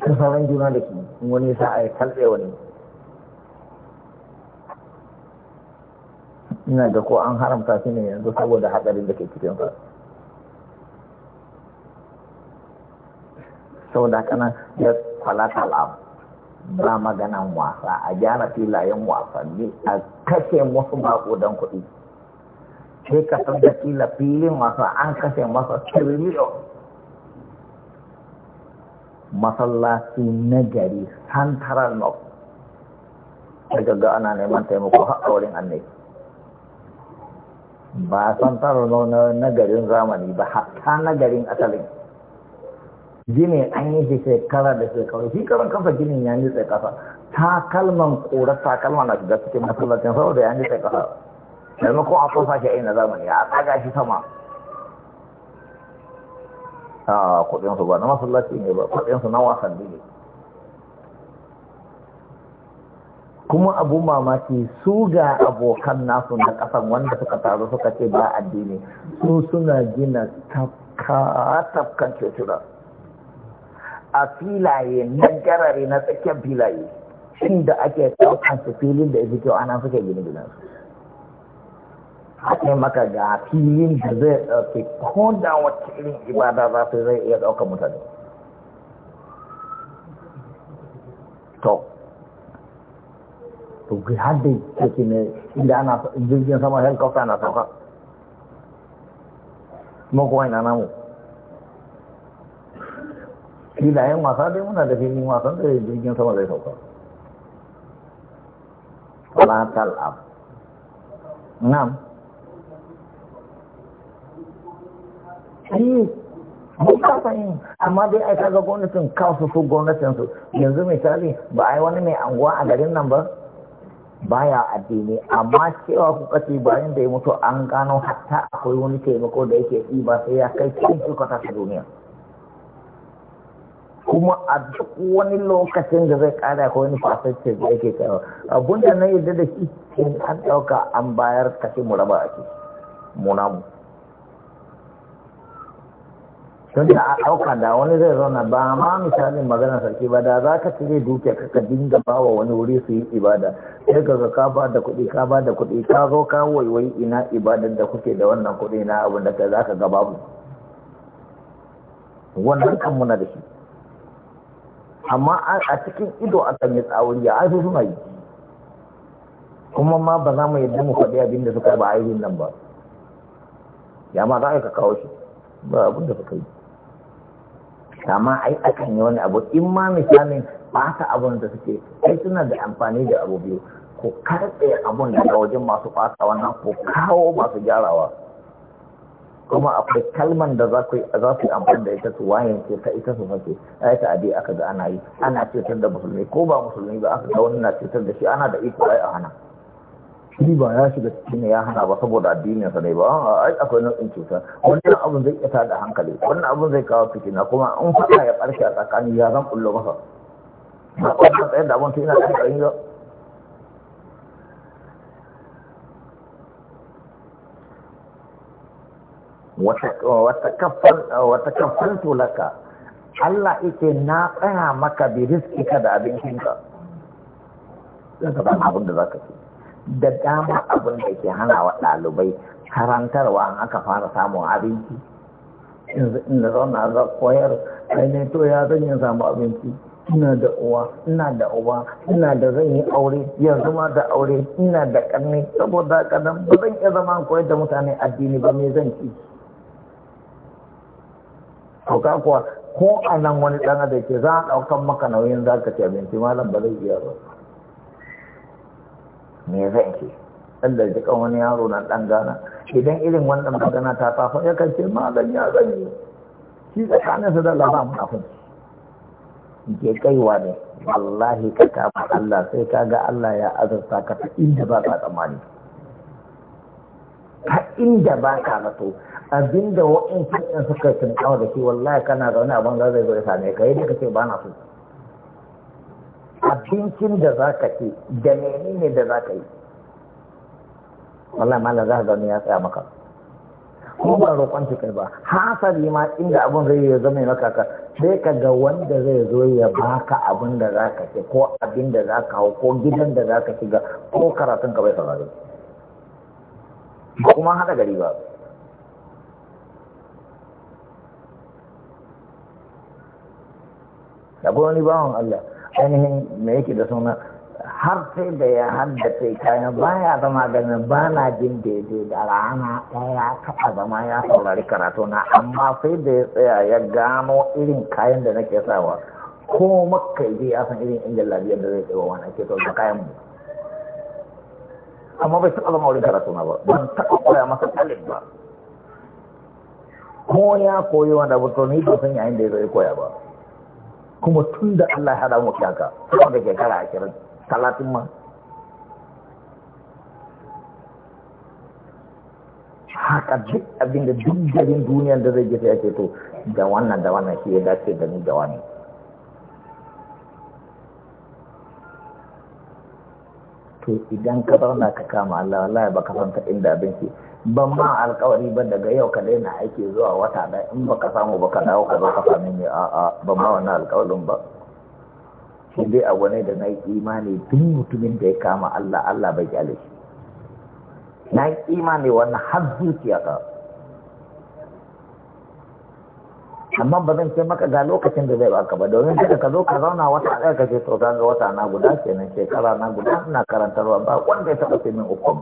[SPEAKER 1] ta sauran juna da ke wani sa'a ya kalbe wani ina ga ko an haramta shi ne yanzu saboda hadarin da ke cikin sa saboda kana ya falata al'am ba maganan wasa a gyara filayen wasanni a kashe musu bako dan kuɗi sai ka san da filin wasa an kashe masa tiriliyon masallaci na gari santarar nok daga ga ana neman taimako har wurin annabi ba san tarano na garin zamani ba hatta na garin asalin gini an yi shi shekara da shekaru shi karan kafa gini ya nitsa kasa takalman kura takalman na shiga cikin masallacin saboda ya nitsa kasa maimakon a sosa shi aina na zamani a tsaga shi sama a kudinsu ba na masallaci ne ba kudinsu na wasanni ne kuma abu mamaki su ga abokan nasu na kasan wanda suka taru suka ce ba addini su suna gina tafkan cutura a filaye na garare na tsakiyar filaye inda ake ɗaukan su filin da ezekiel ana suke gini su a maka ga filin da zai ɗauke ko da wata irin ibada za su zai iya ɗaukar mutane to kai har da yake ne inda ana jirgin sama helicopter na sauka mu kuma ina namu kila yan wasa dai muna da filin wasan da jirgin sama zai sauka wala ab nam shi bukata yin amma dai aika ga gwamnatin kawo su gwamnatin su yanzu misali ba a yi wani mai anguwa a garin nan ba baya addini amma cewa ku kace bayan da ya mutu an gano hatta akwai wani taimako da yake yi ba sai ya kai cikin ikota ta duniya kuma a duk wani lokacin da zai kada ko wani fasacce da yake kaiwa abun da na yadda da shi in an ɗauka an bayar kashe mu raba ake mu tun da a ɗauka da wani zai zauna ba ma misalin magana sarki ba da za ka cire dukiya ka ka dinga ba wa wani wuri su yi ibada sai ka ka ba da kuɗi ka ba da kuɗi ka zo ka waiwai ina ibadar da kuke da wannan kuɗi na abin da za ka gaba mu wannan kan muna da shi amma a cikin ido a kan yi tsawon ya aiki suna yi kuma ma ba za mu yadda mu faɗi abin da suka ba ainihin nan ba ya ma za a yi ka kawo shi ba abin da suka yi kama ai akan yi wani abu in ma misalin ɓata abun da suke ai suna da amfani da abu biyu ko karɓe abun daga wajen masu fata wannan ko kawo masu gyarawa kuma akwai kalman da za su yi amfani da ita su wayan ce ta ita su fake ai ta abi aka ga ana yi ana cutar da musulmi ko ba musulmi ba aka ga wani na cutar da shi ana da iko ai a hana shi ba ya shiga cikin ya hana ba saboda addininsa ne ba ai akwai nau'in cuta wannan abun zai iya da hankali wannan abun zai kawo fitina kuma in faɗa ya ɓarshe a tsakanin ya zan kullo masa ba kuma tsayar da abun yana da hankali ba wata kafan tulaka Allah yake na tsaya maka bi riski ka da abin shinka zaka ba abin da zaka ce da dama abin da ke hana wa ɗalibai karantarwa an aka fara samun abinci inda zauna za koyar ainihin to ya zan yi samu abinci ina da uwa ina da uwa ina da zan yi aure yanzu ma da aure ina da ƙarni saboda kadan ba zan iya zama koyar da mutane addini ba me zan ci Sauka kuwa ko a nan wani ɗan da ke za a ɗaukan maka nauyin za ka ci abinci malam ba zai iya ba me zan ke dan da kan wani yaro na dan gana idan irin wannan magana ta tafa ya kace malam ya zan yi shi da kana sada laba mun afin ke kaiwa ne wallahi ka kama Allah sai ka ga Allah ya azurta ka ta inda ba ka tsammani ta inda ba ka zato abinda wa'in sun suka tunkawa da shi wallahi kana zaune a banza zai zo ya same ka yadda kace ba na so abincin da za ka ci da menene da za ka yi wallahi za ka ya tsaya maka ko ba roƙon ki ba hasali ma inda abin zai ya zama maka ka sai ka ga wanda zai zo ya baka abin da za ka ci ko abin da za ka hau ko gidan da za ka shiga ko karatun ka bai saurari ba kuma haɗa gari ba da wani bawan Allah ainihin me yake da suna har sai da ya haddace kayan baya zama ganin ba na jin daidai da rana ɗaya taɓa zama ya saurari karatu na amma sai da ya tsaya ya gano irin kayan da nake sawa ko maka yi ya san irin injin labiyar da zai tsaye wani ake da kayan mu amma bai taɓa zama wurin karatu na ba ban taɓa koya masa ɗalib ba ko ya koyi wanda ba to ni ba san yayin da ya zai koya ba kuma tun da Allah ya hada mu haka kuma da a ashirin talatin ma haka duk abin da duk garin duniya da zai gita ya ce to da wannan da wannan shi ya dace da ni da wani to idan ka zauna ka kama Allah wallahi baka san ta inda abin ke ban ma alkawari ba daga yau ka daina aiki zuwa wata da in ba ka samu ba ka dawo ka zo ka sami ne a a ban ma wannan alkawarin ba shi dai a ne da na yi imani tun mutumin da ya kama Allah Allah bai kyale shi na yi imani wannan har zuciya ka amma ba zan ce maka ga lokacin da zai baka ba domin duka ka zo ka zauna wata ɗaya ka ce to ga wata na guda kenan shekara na guda ina karantarwa ba wanda ya taɓa ce min uku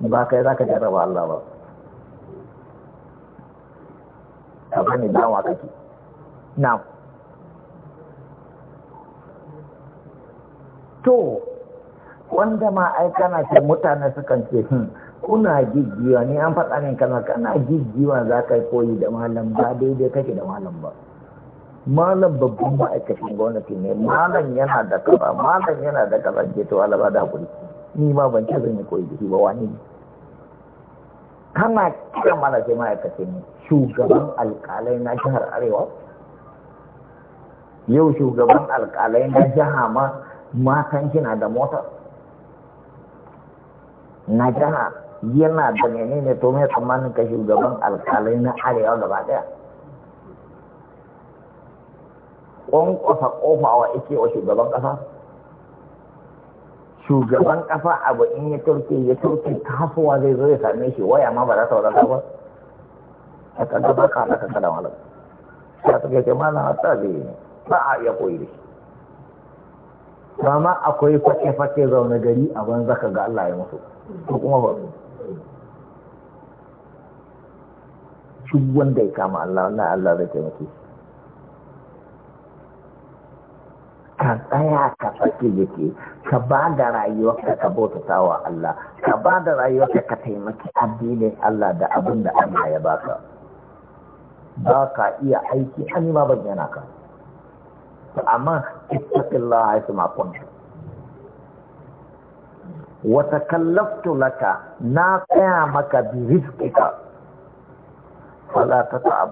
[SPEAKER 1] ba kai za ka jarraba Allah ba abu ne dawa kake na to wanda ma ai kana ce mutane sukan ce hmm, kuna jijjiwa ne an faɗa ne kana kana jijjiwa za ka koyi da malam ba daidai kake da malam ba malam babban ma'aikacin gwamnati ne malam yana da kaba malam yana da kaba ke to alaba da hakuri ni ma ban ce zan yi koyi da shi ba wani ne kana kira mana sai ma'aikacin shugaban alƙalai na jihar arewa yau shugaban alƙalai na jiha ma matan kina da mota
[SPEAKER 2] na jiha
[SPEAKER 1] yana da ne to mai tsammanin ka shugaban alƙalai na arewa gaba ɗaya ƙwanƙwasa ƙofa wa ake wa shugaban ƙasa shugaban kafa abu in ya turke ya turke kafuwa zai zo ya same shi waya ma ba za ta wadata ba a kanta ba ka halaka kada malam ya ta kai na hatta zai ne ba a iya koyi da shi ba ma akwai fake-fake zaune gari a banza ka ga Allah ya musu ko kuma ba shi wanda ya kama Allah wallahi Allah zai taimake shi ka tsaya ka tsaki jiki ka ba da rayuwarka ka bautata wa Allah ka ba da rayuwarka ka taimaki addinin Allah da abin da Allah ya baka ba ka iya aiki an ma ban yana ka amma ittaqillah haythu ma kunta wa takallaftu laka na tsaya maka bi rizqika fala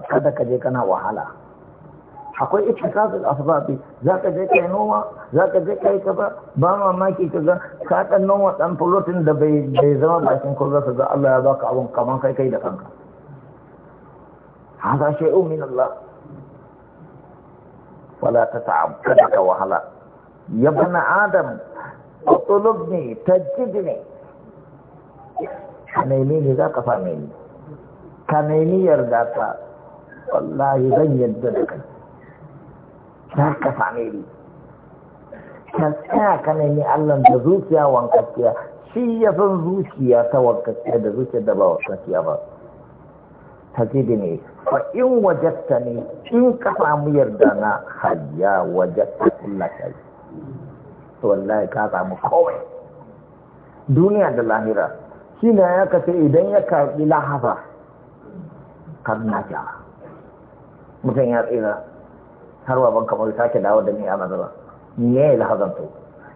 [SPEAKER 1] kada ka je kana wahala akwai itikazul asbabi zaka je kai noma zaka je kai ka ba ba mamaki ka ga ka dan noma dan fulotin da bai bai zama bakin kurza ka ga Allah ya baka abun kaman kai kai da kanka hada shay'un min Allah wala tata'ab kada wahala ya bana adam اطلبني تجدني ka nemi ne za ka same ni ka nemi yarda ta wallahi zan yarda da kai ta ka same ni ta tsaya ka nemi Allah da zuciya wankakkiya shi ya san zuciya ta wankakkiya da zuciya da ba wankakkiya ba ta zidi ne fa in wajatta ne in ka samu yarda na hayya wajatta kulla kai wallahi ka samu kawai duniya da lahira shi ne ya kace idan ya karbi lahaza karnata ja mutum ya tsira har wa banka kamar sake dawo da ni a ba ni ya yi lahazanto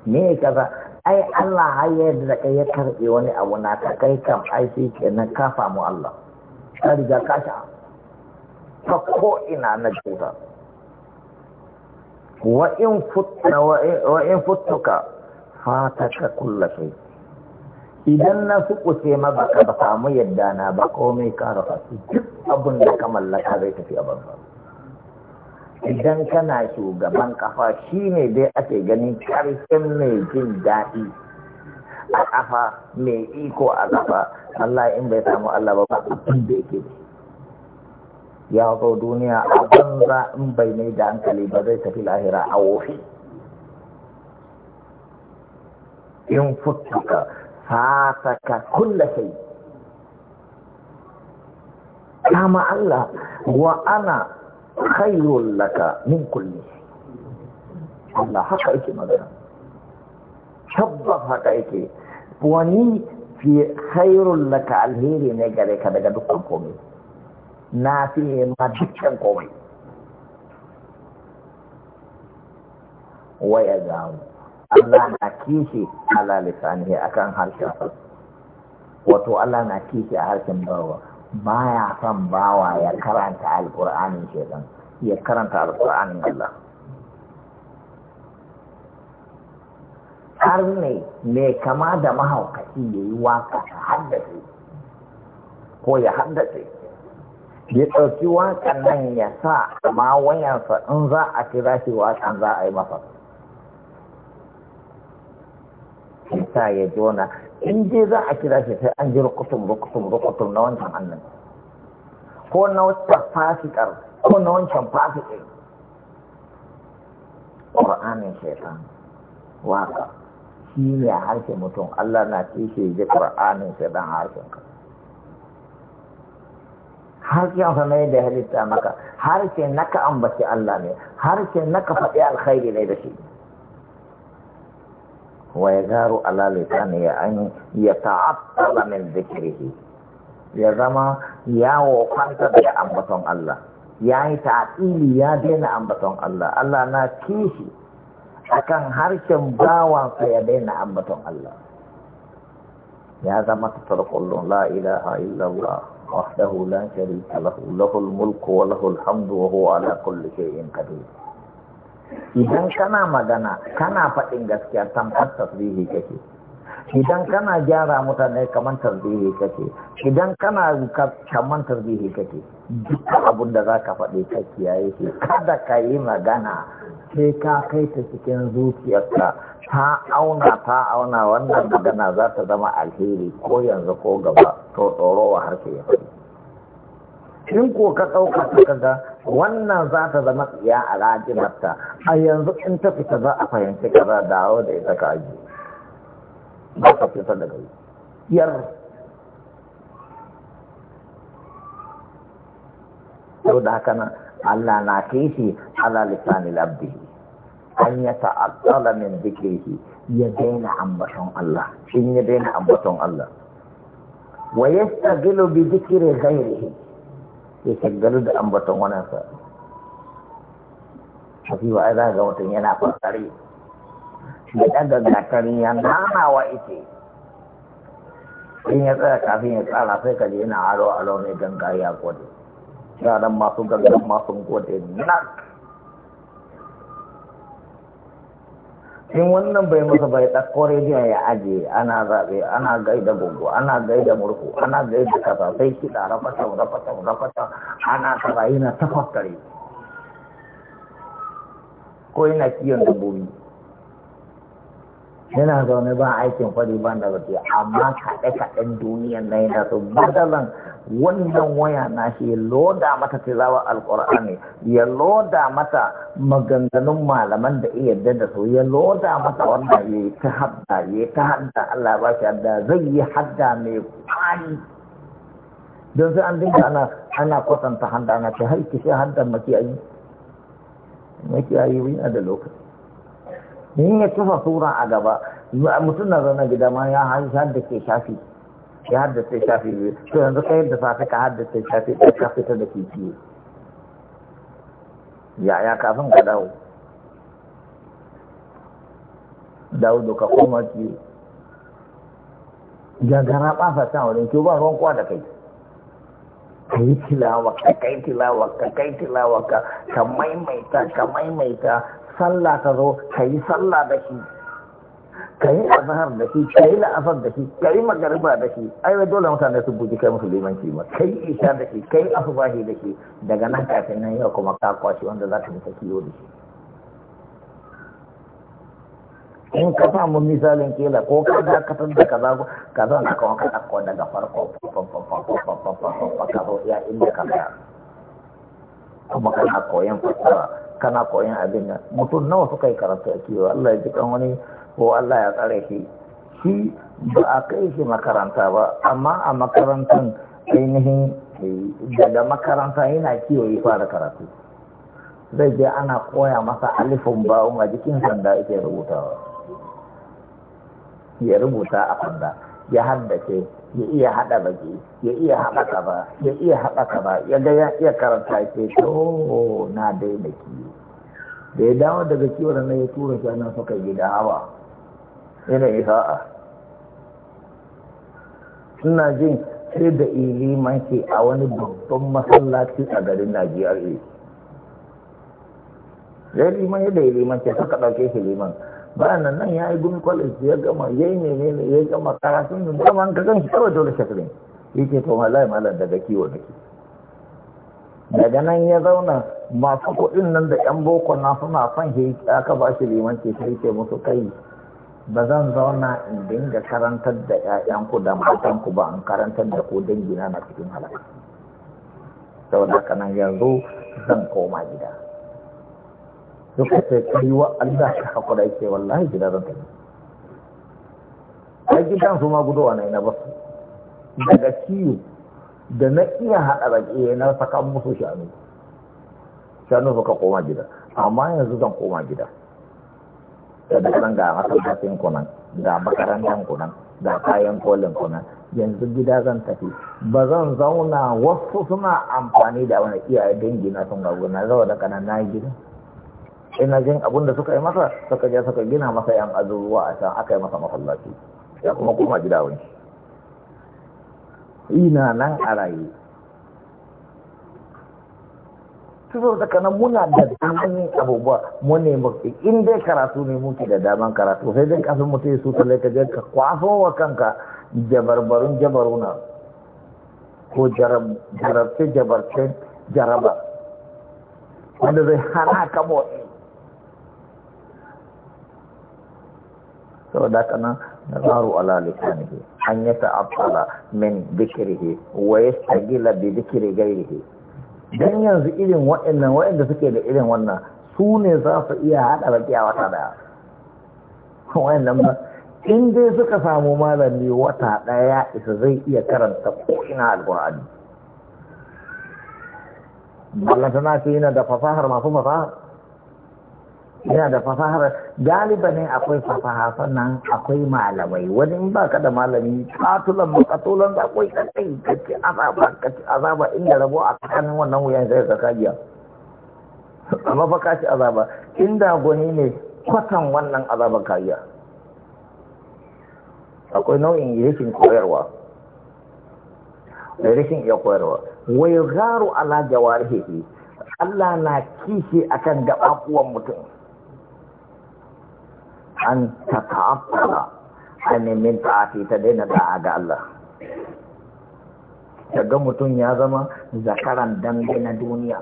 [SPEAKER 1] ni ya kaza ai Allah har ya yarda kai ya karɓe wani abu na ka kai kam ai sai kenan ka famu Allah ka riga ka ta ko na jira wa in futta wa in futtuka fataka idan na sukuce ma baka ka samu yadda na ba komai ka rafa duk abin da ka mallaka zai tafi a banza idan kana shugaban kafa shi ne dai ake ganin karfin mai jin daɗi a kafa mai iko a kafa Allah in bai samu Allah ba abin da yake ya zo duniya a banza in bai mai da hankali ba zai tafi lahira a wofi in fuska fasaka kulla sai kama Allah wa ana khairul laka min kulli Allah haka yake magana tabbas haka yake wani fi khairul laka alheri ne gare ka daga dukkan komai na fi ma dukkan komai waya ga Allah na kishi ala lisanihi akan harshen wato Allah na kishi a harshen bawa baya son bawa ya karanta alƙur'anin shekan ya karanta alƙur'anin Allah har ne mai kama da mahaukaci ya yi waka ta haddace ko ya haddace ya ɗauki wakan nan ya sa ma wayansa in za a kira shi wakan za a yi masa sa ya jona in dai za a kira shi sai an ji rukutun rukutun rukutun na wancan annan ko na wancan fasikar ko na wancan fasikin ƙur'anin shaitan waka shi ne harshen mutum Allah na ce shi ji ƙur'anin shaitan harshen ka harshen sa ne da halitta maka harshen naka ambaci Allah ne harshen naka faɗi alkhairi ne da shi ويجار على لسانه يعني يتعطل من ذكره ya zama ya wofanta ya ambaton Allah ya yi ta'ili ya daina ambaton Allah Allah na kishi akan harshen bawansa ya daina ambaton Allah ya zama ta tarkullun la ilaha illallah wahdahu la sharika lahul mulku wa lahul hamdu wa huwa ala kulli shay'in qadir idan kana magana kana faɗin gaskiya tamkar tasbihi kake idan kana gyara mutane kamar tasbihi kake idan kana kamar tasbihi kake duk abin da ka faɗi ka kiyaye shi kada ka yi magana sai ka kai ta cikin zuciyarka ta auna ta auna wannan magana za ta zama alheri ko yanzu ko gaba to tsoro wa harshe ya faɗi in ko ka ɗauka ka ga wannan za ta zama tsiya a rajimarta a yanzu in ta fita za a fahimci kaza dawo da ita ka aji ba ka fita daga yar sau da haka nan Allah na kai shi ala lisanil abdi an ya ta'azzala min zikrihi ya daina ambaton Allah in ya daina ambaton Allah wa yastagilu bi zikri ghairihi ya shagalu da ambaton wannan wanansa hafi ba za ga mutum yana fasari ya daga gatari ya nanawa ite in ya tsaya kafin ya tsara sai ka je yana aro a ne ganga ya gode yaran masu gangan masu gode nak in wannan bai masa bai ɗauko rediyon ya aje ana zaɓe ana gaida gungu ana gaida murku ana gaida kaza sai kiɗa rafata rafata rafata ana kaza yana tafaskare ko yana kiyon dabbobi yana zaune ba aikin fari ba da zafi amma kaɗe-kaɗen duniyan na yana so madalan wannan waya na shi ya loda mata tilawa alƙur'ani ya loda mata maganganun malaman da iya yarda da su ya loda mata wanda ya yi ta hadda ya ta hadda Allah ba shi hadda zai yi hadda mai kwari don sai an dinga ana ana kwatanta handa na ce har ki sai hadda makiyayi makiyayi yana da lokaci in ya tufa sura a gaba mutum na zaune gida ma ya haddace shafi ya haddace shafi biyu to yanzu ka yadda safe ka haddace shafi ɗaya ka fita da ya yaya kafin ka dawo dawo ka koma ki gagara ɓasa can wurin ki ba ruwan kwa da kai ka yi tilawa ka kai tilawa ka kai tilawa ka maimaita ka maimaita sallah ta zo ka yi sallah da shi ka yi azhar da shi ka yi la'asar da shi ka yi magariba da shi ai wai dole mutane su buji kai musulmanci ba ka yi isha da shi ka yi asubahi da shi daga nan kafin nan yau kuma ka kwashi wanda za ka nisa kiyo da shi in ka samu misalin kila ko ka dakatar da kaza ko ka zo na kawo ka ɗauko daga farko ka zo ya inda ka kuma kana koyon fasara kana koyon abin nan mutum nawa suka yi karatu a kiwo Allah ya ji kan wani ko Allah ya tsare shi shi ba a kai shi makaranta ba amma a makarantar ainihin daga makaranta yana kiwo ya fara karatu zai je ana koya masa alifin bawon a jikin sanda yake rubutawa ya rubuta a sanda ya haddace ya iya haɗa baki ya iya haɗa ba ya iya ka ba ya ga ya iya karanta ce to na daina ki. da ya dawo daga kiwon nan ya tura shi ana faka gida hawa yana isa'a suna jin sai da iliman ke a wani babban masallaci a garin najeriya ya liman yadda ya liman ce suka ɗauke shi liman bayan nan nan ya yi gumi kwalis ya gama ya yi ne ya gama karatun da kuma an kakan shi kawai dole shakirin yake to malai malam daga kiwo ke daga nan ya zauna masu kuɗin nan da ƴan boko na suna son shi aka ba shi limanci sai ce musu kai ba zan zauna in dinga karantar da ku da ku ba in karantar da ku dangina na cikin halaka saboda haka nan yanzu zan koma gida da ce kai wa Allah ka hakura yake wallahi gida zan tafi ai gidan su ma gudowa na ina ba daga ciwo da na iya haɗa baƙi na saka musu shanu shanu ka koma gida amma yanzu zan koma gida da kan ga masallacin nan, ga makarantar nan, da kayan kolin nan, yanzu gida zan tafi ba zan zauna wasu suna amfani da wani iyaye dangi na sun gago na zawa da kanan na gida ina jin abin suka yi masa suka je suka gina masa yan azuruwa a can aka yi masa masallaci ya kuma koma gida wani ina nan a rayu. su daga nan muna da daman yin abubuwa mu ne mafi in dai karatu ne muke da daman karatu sai dai kafin mutum su talle ka je ka kwafo wa kanka jabarbarun jabaruna ko jarabce jabarce jaraba wanda zai hana ka motsi da kanan na zaru ala lisanihi an yata abtala min dhikrihi wa yastagila bi dhikri ghairihi dan yanzu irin waɗannan waɗanda suke da irin wannan su ne za su iya haɗa rakiya wata daya waɗannan ba in dai suka samu malami wata daya isa zai iya karanta ko ina alƙur'ani Allah tana ce yana da fasahar masu fasahar yana da fasahar galiba ne akwai fasaha sannan akwai malamai wani in ba ka da malami katulan katulan da akwai kakai kake azaba kake azaba inda rabo a tsakanin wannan wuyan sai ka kajiya amma fa kashi azaba inda gwani ne kwatan wannan azaban kajiya akwai nau'in rashin koyarwa rashin iya koyarwa wai garu ala jawarihi Allah na kishi akan kuwan mutum an tata'affala ainihin min ta'afi ta daina da'a ga Allah daga mutum ya zama zakaran dambe na duniya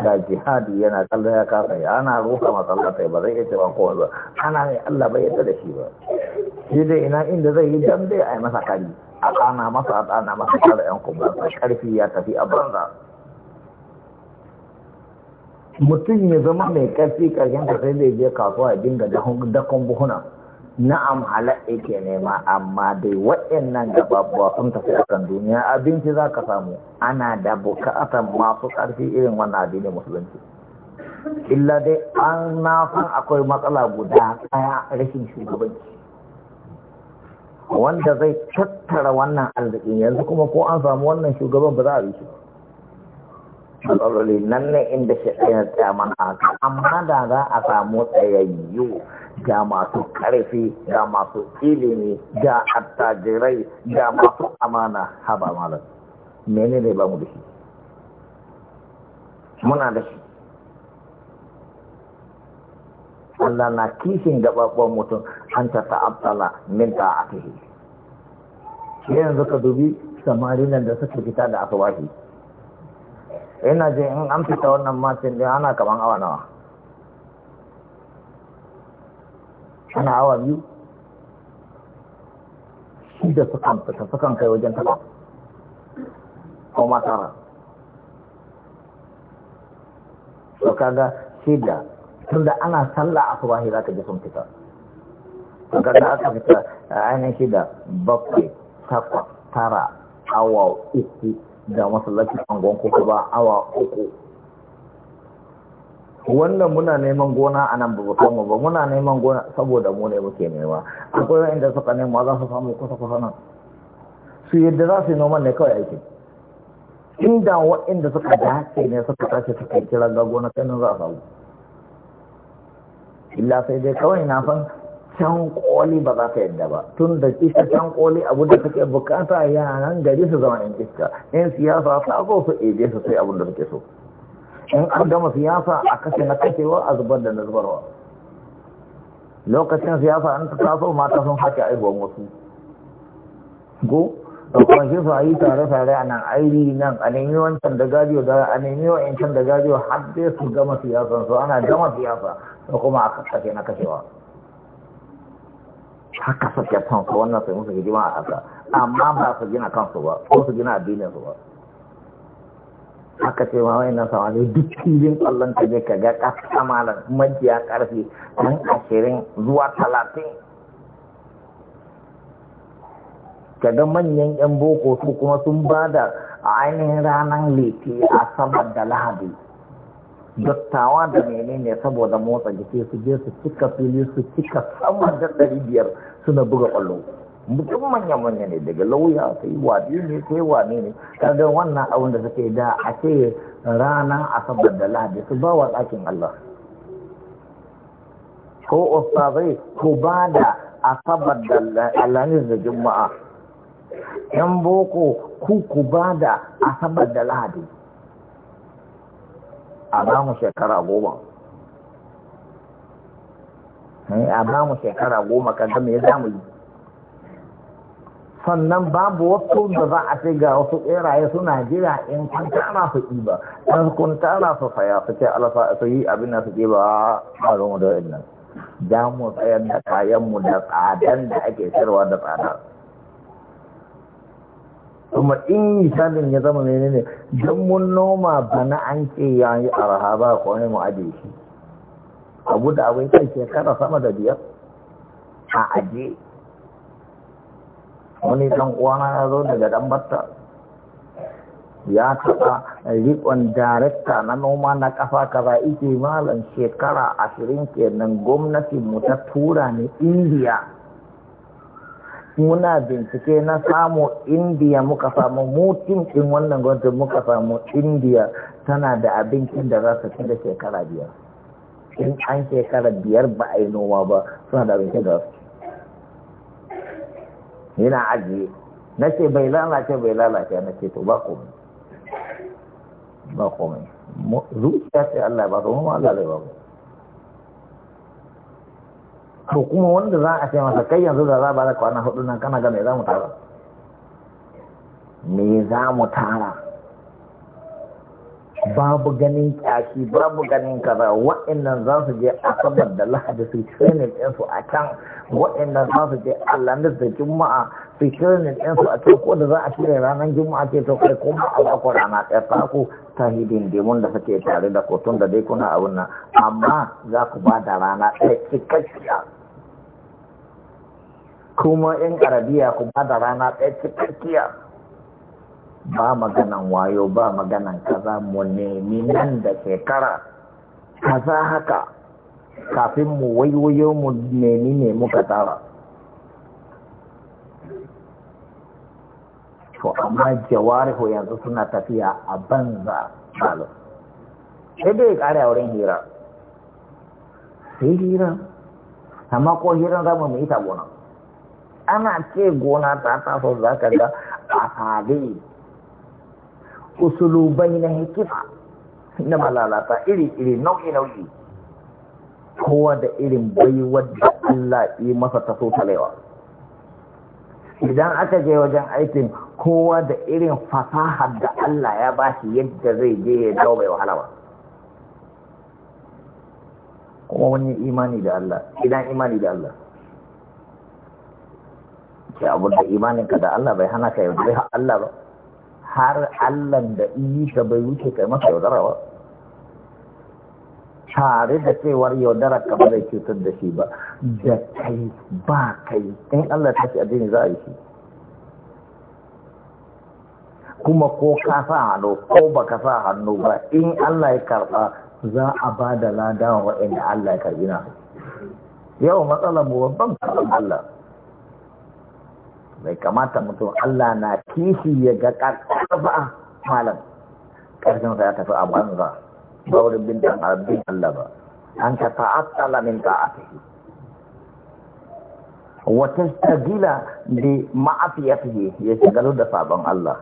[SPEAKER 1] da jihadi yana kallon ya kasa ya ana ruka masallatai ba zai iya ba kowa ba ana mai Allah bai yadda da shi ba shi dai ina inda zai yi dambe a yi masa kari a kana masa a tsana masa kare yan kuma karfi ya tafi a banza mutum ya zama mai ƙarfi ƙarshen ka sai zai je kasuwa ya dinga dakon buhuna na halatta ke nema amma dai waɗannan gababuwa sun tafi a duniya abinci za ka samu ana da bukatar masu ƙarfi irin wannan addinin musulunci illa dai an na san akwai matsala guda ɗaya rashin shugabanci wanda zai tattara wannan arzikin yanzu kuma ko an samu wannan shugaban ba za a yi shi ba matsaloli nan ne inda shi ɗaya tsaya mana haka amma da za a samu tsayayyu ga masu ƙarfi ga masu ilimi ga attajirai ga masu amana haba malam mene ne ba mu da shi muna da shi Allah na kishin gabaɓon mutum an ta ta'abtala min ta'atihi yanzu ka dubi Samari nan da suka fita da asuwahi ina jin in an fita wannan matin din ana kaman awa nawa ana awa biyu shi da sukan fita sukan kai wajen takwas ko matara to kaga shida tunda ana sallah za ka ji sun fita to kaga aka fita a ainihin shida bakwai Takwa, tara awa uku da masallacin angon ko ba awa uku wannan muna neman gona a nan babu mu ba muna neman gona saboda mu ne muke nema akwai wa'inda suka nema za su samu kusa kusa nan su yadda za su yi noman ne kawai aiki inda wa'inda suka dace ne suka tashi suka kira ga gona kai za a samu illa sai dai kawai na san. can koli ba za ka yadda ba tun da kisa can koli abu da take bukata yaran gari su zama yan iska yan siyasa sako su ebe su sai abin da suke so in an gama siyasa a kashe na kashewa a zubar da na zubarwa lokacin siyasa an ta taso mata sun haka aihuwan wasu go da shi su a yi tare-tare a nan airi nan a nemi wancan da gajiyo da a nemi wancan da gajiyo har dai su gama siyasansu ana gama siyasa da kuma a kashe na kashewa haka suke son su wannan su musu hidima a haka amma ba su gina kansu ba ko su gina addinin su ba haka ce ma wayan nan samari duk filin tsallon ka je ka ga ƙasa malam majiya ƙarfi ɗan ashirin zuwa talatin ka ga manyan yan boko su kuma sun ba da a ainihin ranar liti a saman da lahadi dattawa da menene saboda motsa jiki su je su cika fili su cika sama da ɗari biyar suna buga ƙwallo mutum manya manya ne daga lauya sai biyu ne sai wane ne kaga wannan abin da suke da a ce rana asabar da lahadi su ba wa ɗakin Allah ko ustazai ko ba da asabar da alhamis da juma'a yan boko ku ku ba da asabar da lahadi a namu shekara goma eh, a namu shekara goma kan me ya mu yi sannan babu wasu da za a ce ga wasu tseraye suna jira in kun tara su yi ba, in kun tara su faya su ce alafa su yi abin da su ke ba a rumu da wa'in nan za tsayar da kayanmu da tsadan da ake shirwa da tsada kuma in misalin ya zama ne don mun noma bana an ce ya yi arha ba ko ne mu aje shi abu da abai kai shekara sama da biyar a aje wani dan uwana ya zo daga dan batta ya taɓa rikon darekta na noma na kafa kaza ike malam shekara ashirin kenan gwamnatin mu ta tura ne indiya muna bincike na samu indiya muka samu mutum in wannan gwamnati muka samu indiya tana da abincin da za su ci da shekara biyar in an shekara biyar ba a yi noma ba suna da abincin da su yana ajiye na ce bai lalace bai lalace na ce to ba komai ba komai zuciya sai Allah ba su mu Allah zai ba mu to kuma wanda za a ce masa kai yanzu da za a bada kwana hudu nan kana ga me za mu tara me za mu tara babu ganin kyashi babu ganin kaza wa'annan za su je asabar da lahadi su training su a can wa'annan za su je alhamis da juma'a su training su a can ko da za a shirya ranar juma'a ce to kai kuma a bako rana ɗaya fako ta hidin demon da suke tare da kotun da dai kuna abin nan amma za ku ba da rana ɗaya cikakkiya kuma yan arabiya kuma da rana ɗaya cikakkiya ba maganan wayo ba maganan kaza mu nemi nan da shekara kaza haka kafin mu waiwayo mu nemi ne muka tara to amma jawarihu yanzu suna tafiya a banza malam sai dai ya kare a wurin hira sai hira amma ko hiran za mu yi ta gonan ana ce gona ta taso za ka ga a sabi usulubai na hikima na malalata iri-iri nau'i-nau'i kowa da irin baiwar da Allah yi masa taso talewa idan aka je wajen aikin kowa da irin fasahar da Allah ya ba shi yadda zai je ya dawo bai wahala ba kuma wani imani da Allah idan imani da Allah sai abu da imanin ka da Allah bai hana ka da Allah ba har Allah da iyi ka bai wuce kai masa yaudara ba tare da cewar yaudara ka ba bai cutar da shi ba da kai ba kai in Allah ta ce addini za a yi shi kuma ko ka sa hannu ko ba ka sa hannu ba in Allah ya karɓa za a ba da lada wa inda Allah ya karɓi na yau matsalar mu babban Allah bai kamata mutum Allah na kishi ya ga a malam ƙarfinsa ya tafi a banza ba wurin bin dan Allah ba an ka ta'attala min wata shagila da ma'afiyar ma'afiyatihi ya shagalu da sabon Allah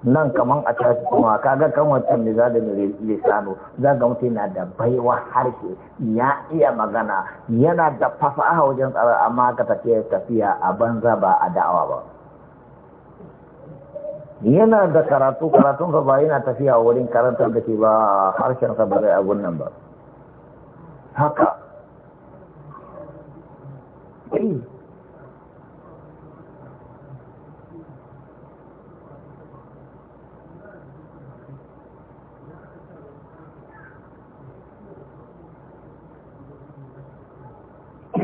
[SPEAKER 1] nan kamar a tashi kuma kaga kan wancan ne za da lisano za ga mutum yana da baiwa harshe ya iya magana yana da fasaha wajen tsara amma ka tafiya tafiya a banza ba a da'awa ba yana da karatu karatunsa ba yana tafiya wurin karantar da ke ba harshensa ba zai a nan ba haka eh,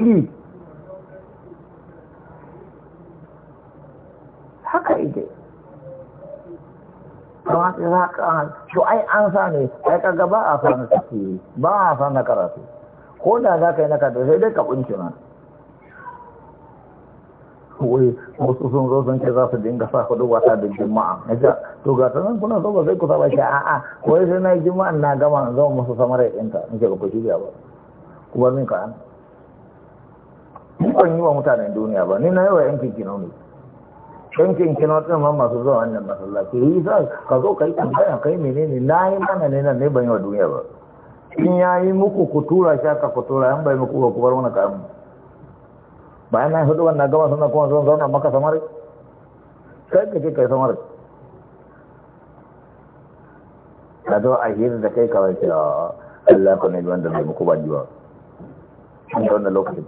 [SPEAKER 1] yi haka ide kama sai za ka to ai an sa ne ai kaga ba a fara tafi ba a fara karatu ko da za ka yi na karatu sai dai ka kunci ma wai wasu sun zo sun ce za su dinga sa kudu wata da juma'a ja to ga ta nan kuna so ba sai ku saba shi a'a yi sai na yi juma'a na gama zama musu samarai ɗinka nake ba ku shirya ba ku bar min ka ni ban yi wa mutanen duniya ba ni na yawa yankin kino ne yankin kino ɗin ma masu zuwa wannan masallaci yi sa ka zo ka yi tambaya ka yi menene na yi mana ne nan ne ban yi wa duniya ba in ya yi muku ku tura shi aka ku tura yan bai muku ba ku bar wani Ba bayan na hudu wannan gama suna kuma zuwa zauna maka samari ka yi kai yi samari ka zo a hira da kai kawai ce Allah ku ne wanda bai muku ban ji ba. wannan lokacin.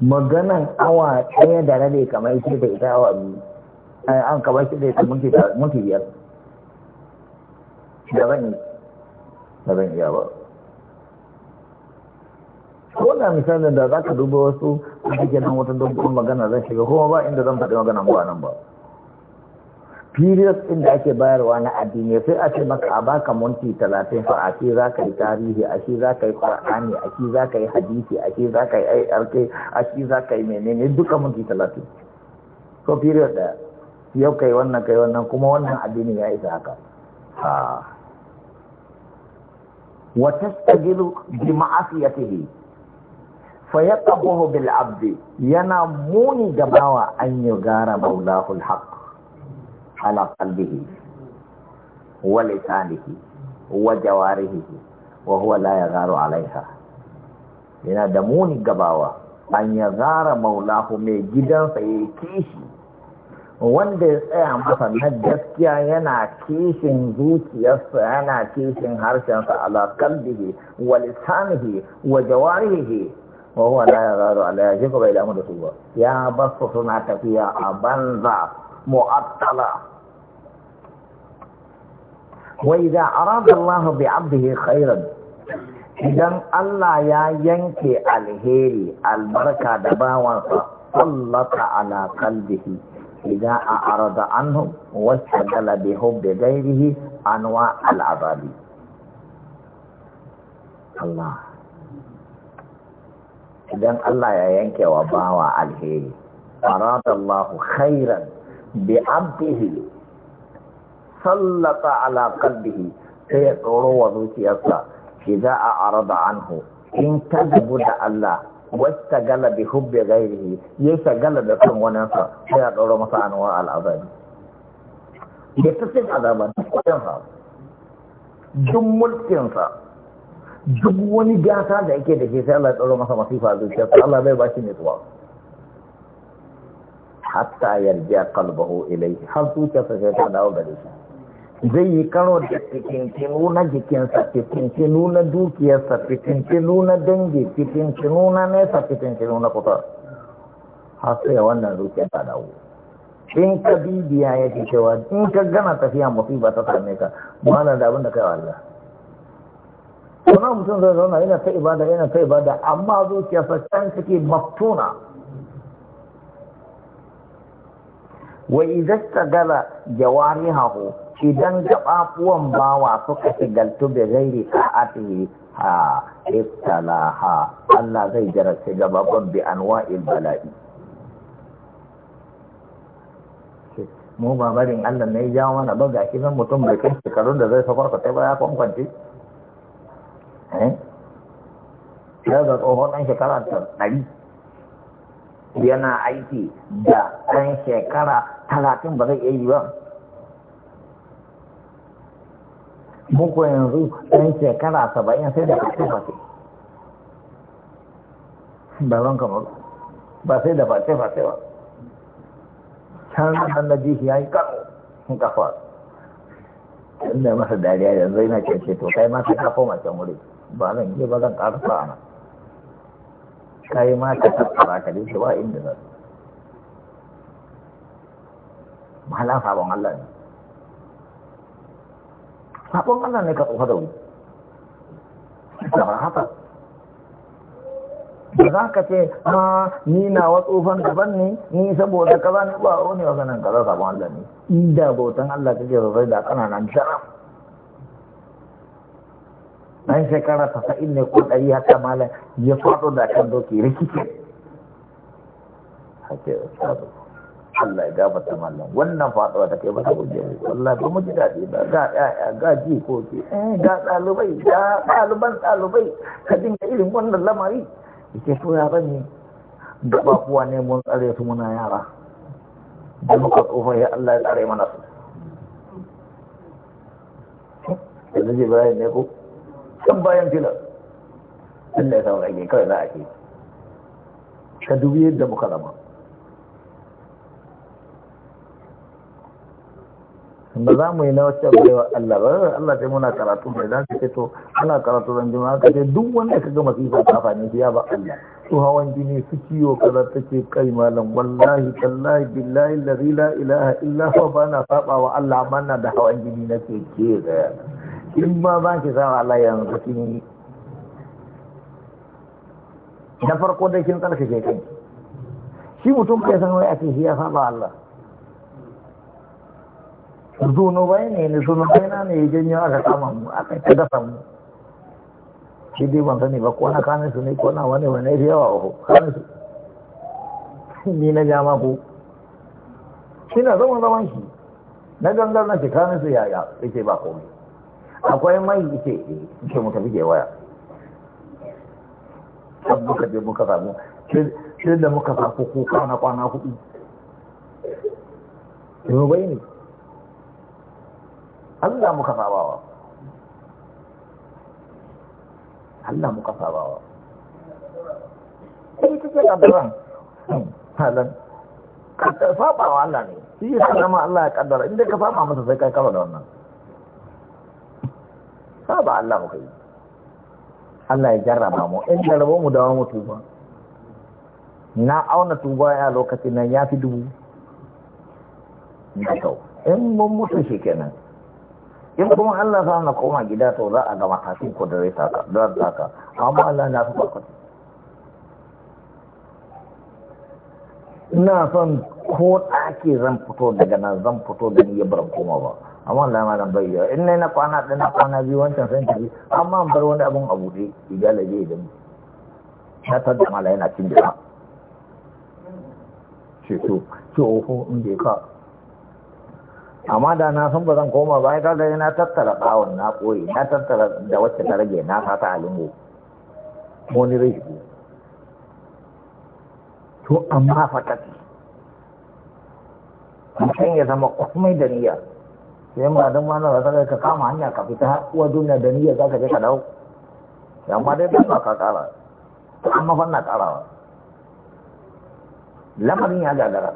[SPEAKER 1] maganan awa ɗaya da rabe kamar ita da ita awa biyu eh, an kamar shi da ita muke biyar da ban yi da ban iya ba ko na misalin da za ka duba wasu a cikin nan wata dogon magana zan shiga kuma ba inda zan faɗi magana ba nan ba period ɗin da ake bayarwa na addini sai a ce maka a baka minti talatin fa a ce za ka yi tarihi a ce za ka yi qur'ani a ce za ka yi hadisi a ce za ka yi ark a ce za ka yi menene duka minti talatin so period ɗaya yau kai wannan kai wannan kuma wannan addini ya isa haka ha wa tastajilu bi ma'asiyatihi fa yaqabuhu bil abdi yana muni gabawa an yugara maulahu al haqq على قلبه ولسانه وجواره وهو لا يغار عليها Ina da muni gabawa an ya zara maulahu mai gidansa ya kishi wanda ya tsaya masa na gaskiya yana kishin zuciyarsa yana kishin harshensa ala kalbihi wa lisanihi wa jawarihi wa huwa la yararu ala yajibu bai damu da su ba ya basu suna tafiya a banza mu'attala Wai idza arada Allahu bi khairan idan Allah ya yanke alheri albarka da bawansa sallata ala qalbihi idza arada anhu wa shagala bi hubbi ghairihi anwa idan Allah ya yanke wa bawa alheri arada khairan bi sallata ala qalbihi sai ya tsoro wa zuciyarsa a arada anhu in ta gabu da Allah wasta gala bi hubbi ghairihi ya shagala da son wani sa sai ya tsoro masa anwa al'azabi ya tafi azaba duk kudin sa duk mulkin sa duk wani gasa da yake da shi sai Allah ya tsoro masa masifa a zuciyarsa Allah bai ba shi nutsuwa hatta yarja qalbahu ilayhi har zuciyarsa sai ta dawo gare shi zai yi karo da fitincinu na jikinsa fitincinu na dukiyarsa fitincinu na dangi fitincinu na nesa fitincinu na kusa har sai wannan dukiya ta dawo in ka bibiya ya ke cewa in ka gana tafiya musiba ta same ka ba da abin da kai Allah kuma mutum zai zauna yana ta ibada yana ta ibada amma zuciyarsa can take maftuna wa idan idza tagala jawarihahu idan gaɓaɓuwan bawa suka shigaltu da gairi sa'atihi ha ha Allah zai gaba gabaɓuwan an wa'il bala'i mu ba barin Allah ne ya wani ba ga zan mutum bai kai shekarun da zai sakwarka ta baya kwankwanci eh? ya ga tsohon ɗan shekara ta ɗari yana aiki da ɗan shekara talatin ba zai iya yi ba muku yanzu ɗan shekara saba'in sai da fashe fashe ba zan kamaru ba sai da fashe fashe ba can zan da jihi ya yi kano kafa inda masa dariya yanzu yana cece to kai ma sai kafa mace muri ba zan yi ba zan ƙara sa'a nan kai ma ka tattara ka dace ba inda zan mahalan sabon Allah ne sabon Allah ne ka tsofa da wuri da za ka ce ma ah, ni na wa tsofan daban ne ni saboda kaza ne ba wani maganan kaza sabon Allah ne inda bautan Allah kake sosai da kananan sharaf dan shekara tasa'in ne ko ɗari haka malam ya faɗo da kan doki rikici hake ustazu Allah ya gabata mallam wannan faɗuwa ta kai ba ta guje wallahi ba mu ji daɗi ba ga ya ga ji, ko Eh ga ɗalibai ga ɗaliban ɗalibai ka dinga irin wannan lamari yake so ya bane gaba kuwa ne mun tsare su muna yara da muka tsofa ya Allah ya tsare mana su ji Ibrahim ne ko kan bayan filar Allah ya saurare kai za a ke ka dubi yadda muka zama ba za mu yi na wacce baiwa Allah ba Allah sai muna karatu mai za su to ana karatu zan jima ka ce duk wanda ka ga masifa ta fani biya ba Allah su hawan jini su ciwo kaza ta ce kai malam wallahi tallahi billahi lari la ilaha illa huwa bana saba wa Allah amma na da hawan jini na ke da in ba za ki sa Allah yanzu kin na farko da kin tsarkake kai shi mutum kai san wai a ce shi ya saba Allah zunubai ne ne zunubai na ne ya yi aka kama mu aka ta dafa mu shi dai ban sani ba ko na kanin su ne ko na wani wani da yawa ko kanin su ni na jama ko shi na zaman zaman shi na gangar na ce kanin su yaya yake ba komai akwai mai yake yake mu tafi ke waya kan muka je muka samu shi da muka samu kuka na kwana kuɗi zunubai ne Allah muka sabawa Allah muka sabawa sai kake kaddaran halan saba wa Allah ne shi ya sama Allah ya kaddara inda ka saba masa sai kai kafa da wannan saba Allah muka yi Allah ya jarraba mu in jarraba mu dawo mutu ba na auna tuba ya lokacin nan ya fi dubu ya kyau in mun mutu shi kenan in kuma Allah sa na koma gida to za a ga matakin ko da zai taka da taka amma Allah na su farko ina son ko ake zan fito daga nan zan fito da ni ya bar koma ba amma Allah ma nan bayya in na na kwana da na kwana biyu wancan san ki amma an bar wani abun a dai igala je da mu na tada mala yana cin jira ce to ce oho in ka amma da na san ba zan koma ba ya da na tattara bawon na koyi na tattara da wacce ta rage na fata a lingo wani rai shi to amma fatati mutum ya zama komai da niyya sai ma don ma na rasa ka kama hanya ka fita uwa duniya da niyya za ka je ka dawo amma dai ba ka kara amma fanna karawa lamarin ya gagara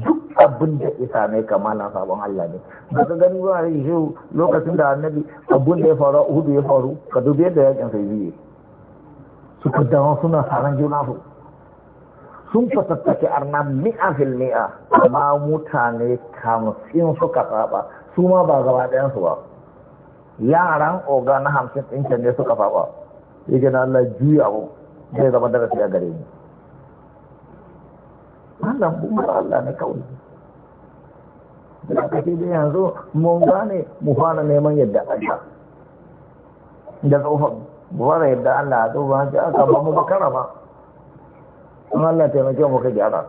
[SPEAKER 1] duk abin da ya same ka malam sabon Allah ne ba ka gani ba yi shi lokacin da annabi abin da ya faru hudu ya faru ka dubi yadda kyan sai biye su kuddawa suna saran juna su sun fatattake arna mi'a fil mi'a amma mutane kamsin suka saba su ma ba gaba ɗayan su ba yaran oga na hamsin ɗinkin ne suka saba ya gina Allah juya abu zai zama darasi a gare ni Allah bumar Allah ne kawai da kake da yanzu mun gane mu fara neman yadda Allah da tsofan wara yadda Allah a tsofa ce aka ba mu bakara ba in Allah taimake mu ka gyara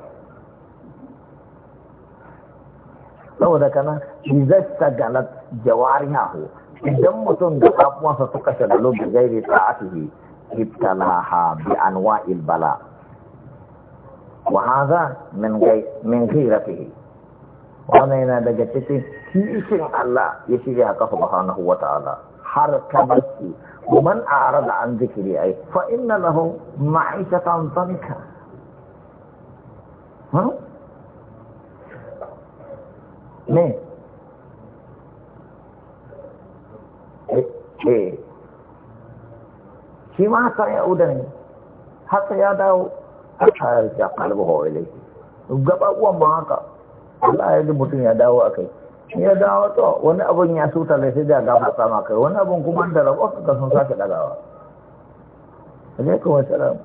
[SPEAKER 1] saboda kana izasta galat jawarihahu idan mutum da abuwansa suka shagalu bi gairi ta'atihi ibtalaha bi anwa'il bala wa hadha min ghayr min ghayrihi wannan yana daga cikin kishin Allah ya shirya ka subhanahu wa ta'ala har ka barci man arada an zikiri ai fa inna lahu ma'ishatan tanka ne eh shi ma haka ya udani haka ya dawo haka ya kalbi hawa ilai gaba uwan ba haka Allah ya ji mutum ya dawo a kai ya dawo to wani abun ya suta ne sai da gaba sama kai wani abun kuma da rabo ka sun sake dagawa alaikum assalam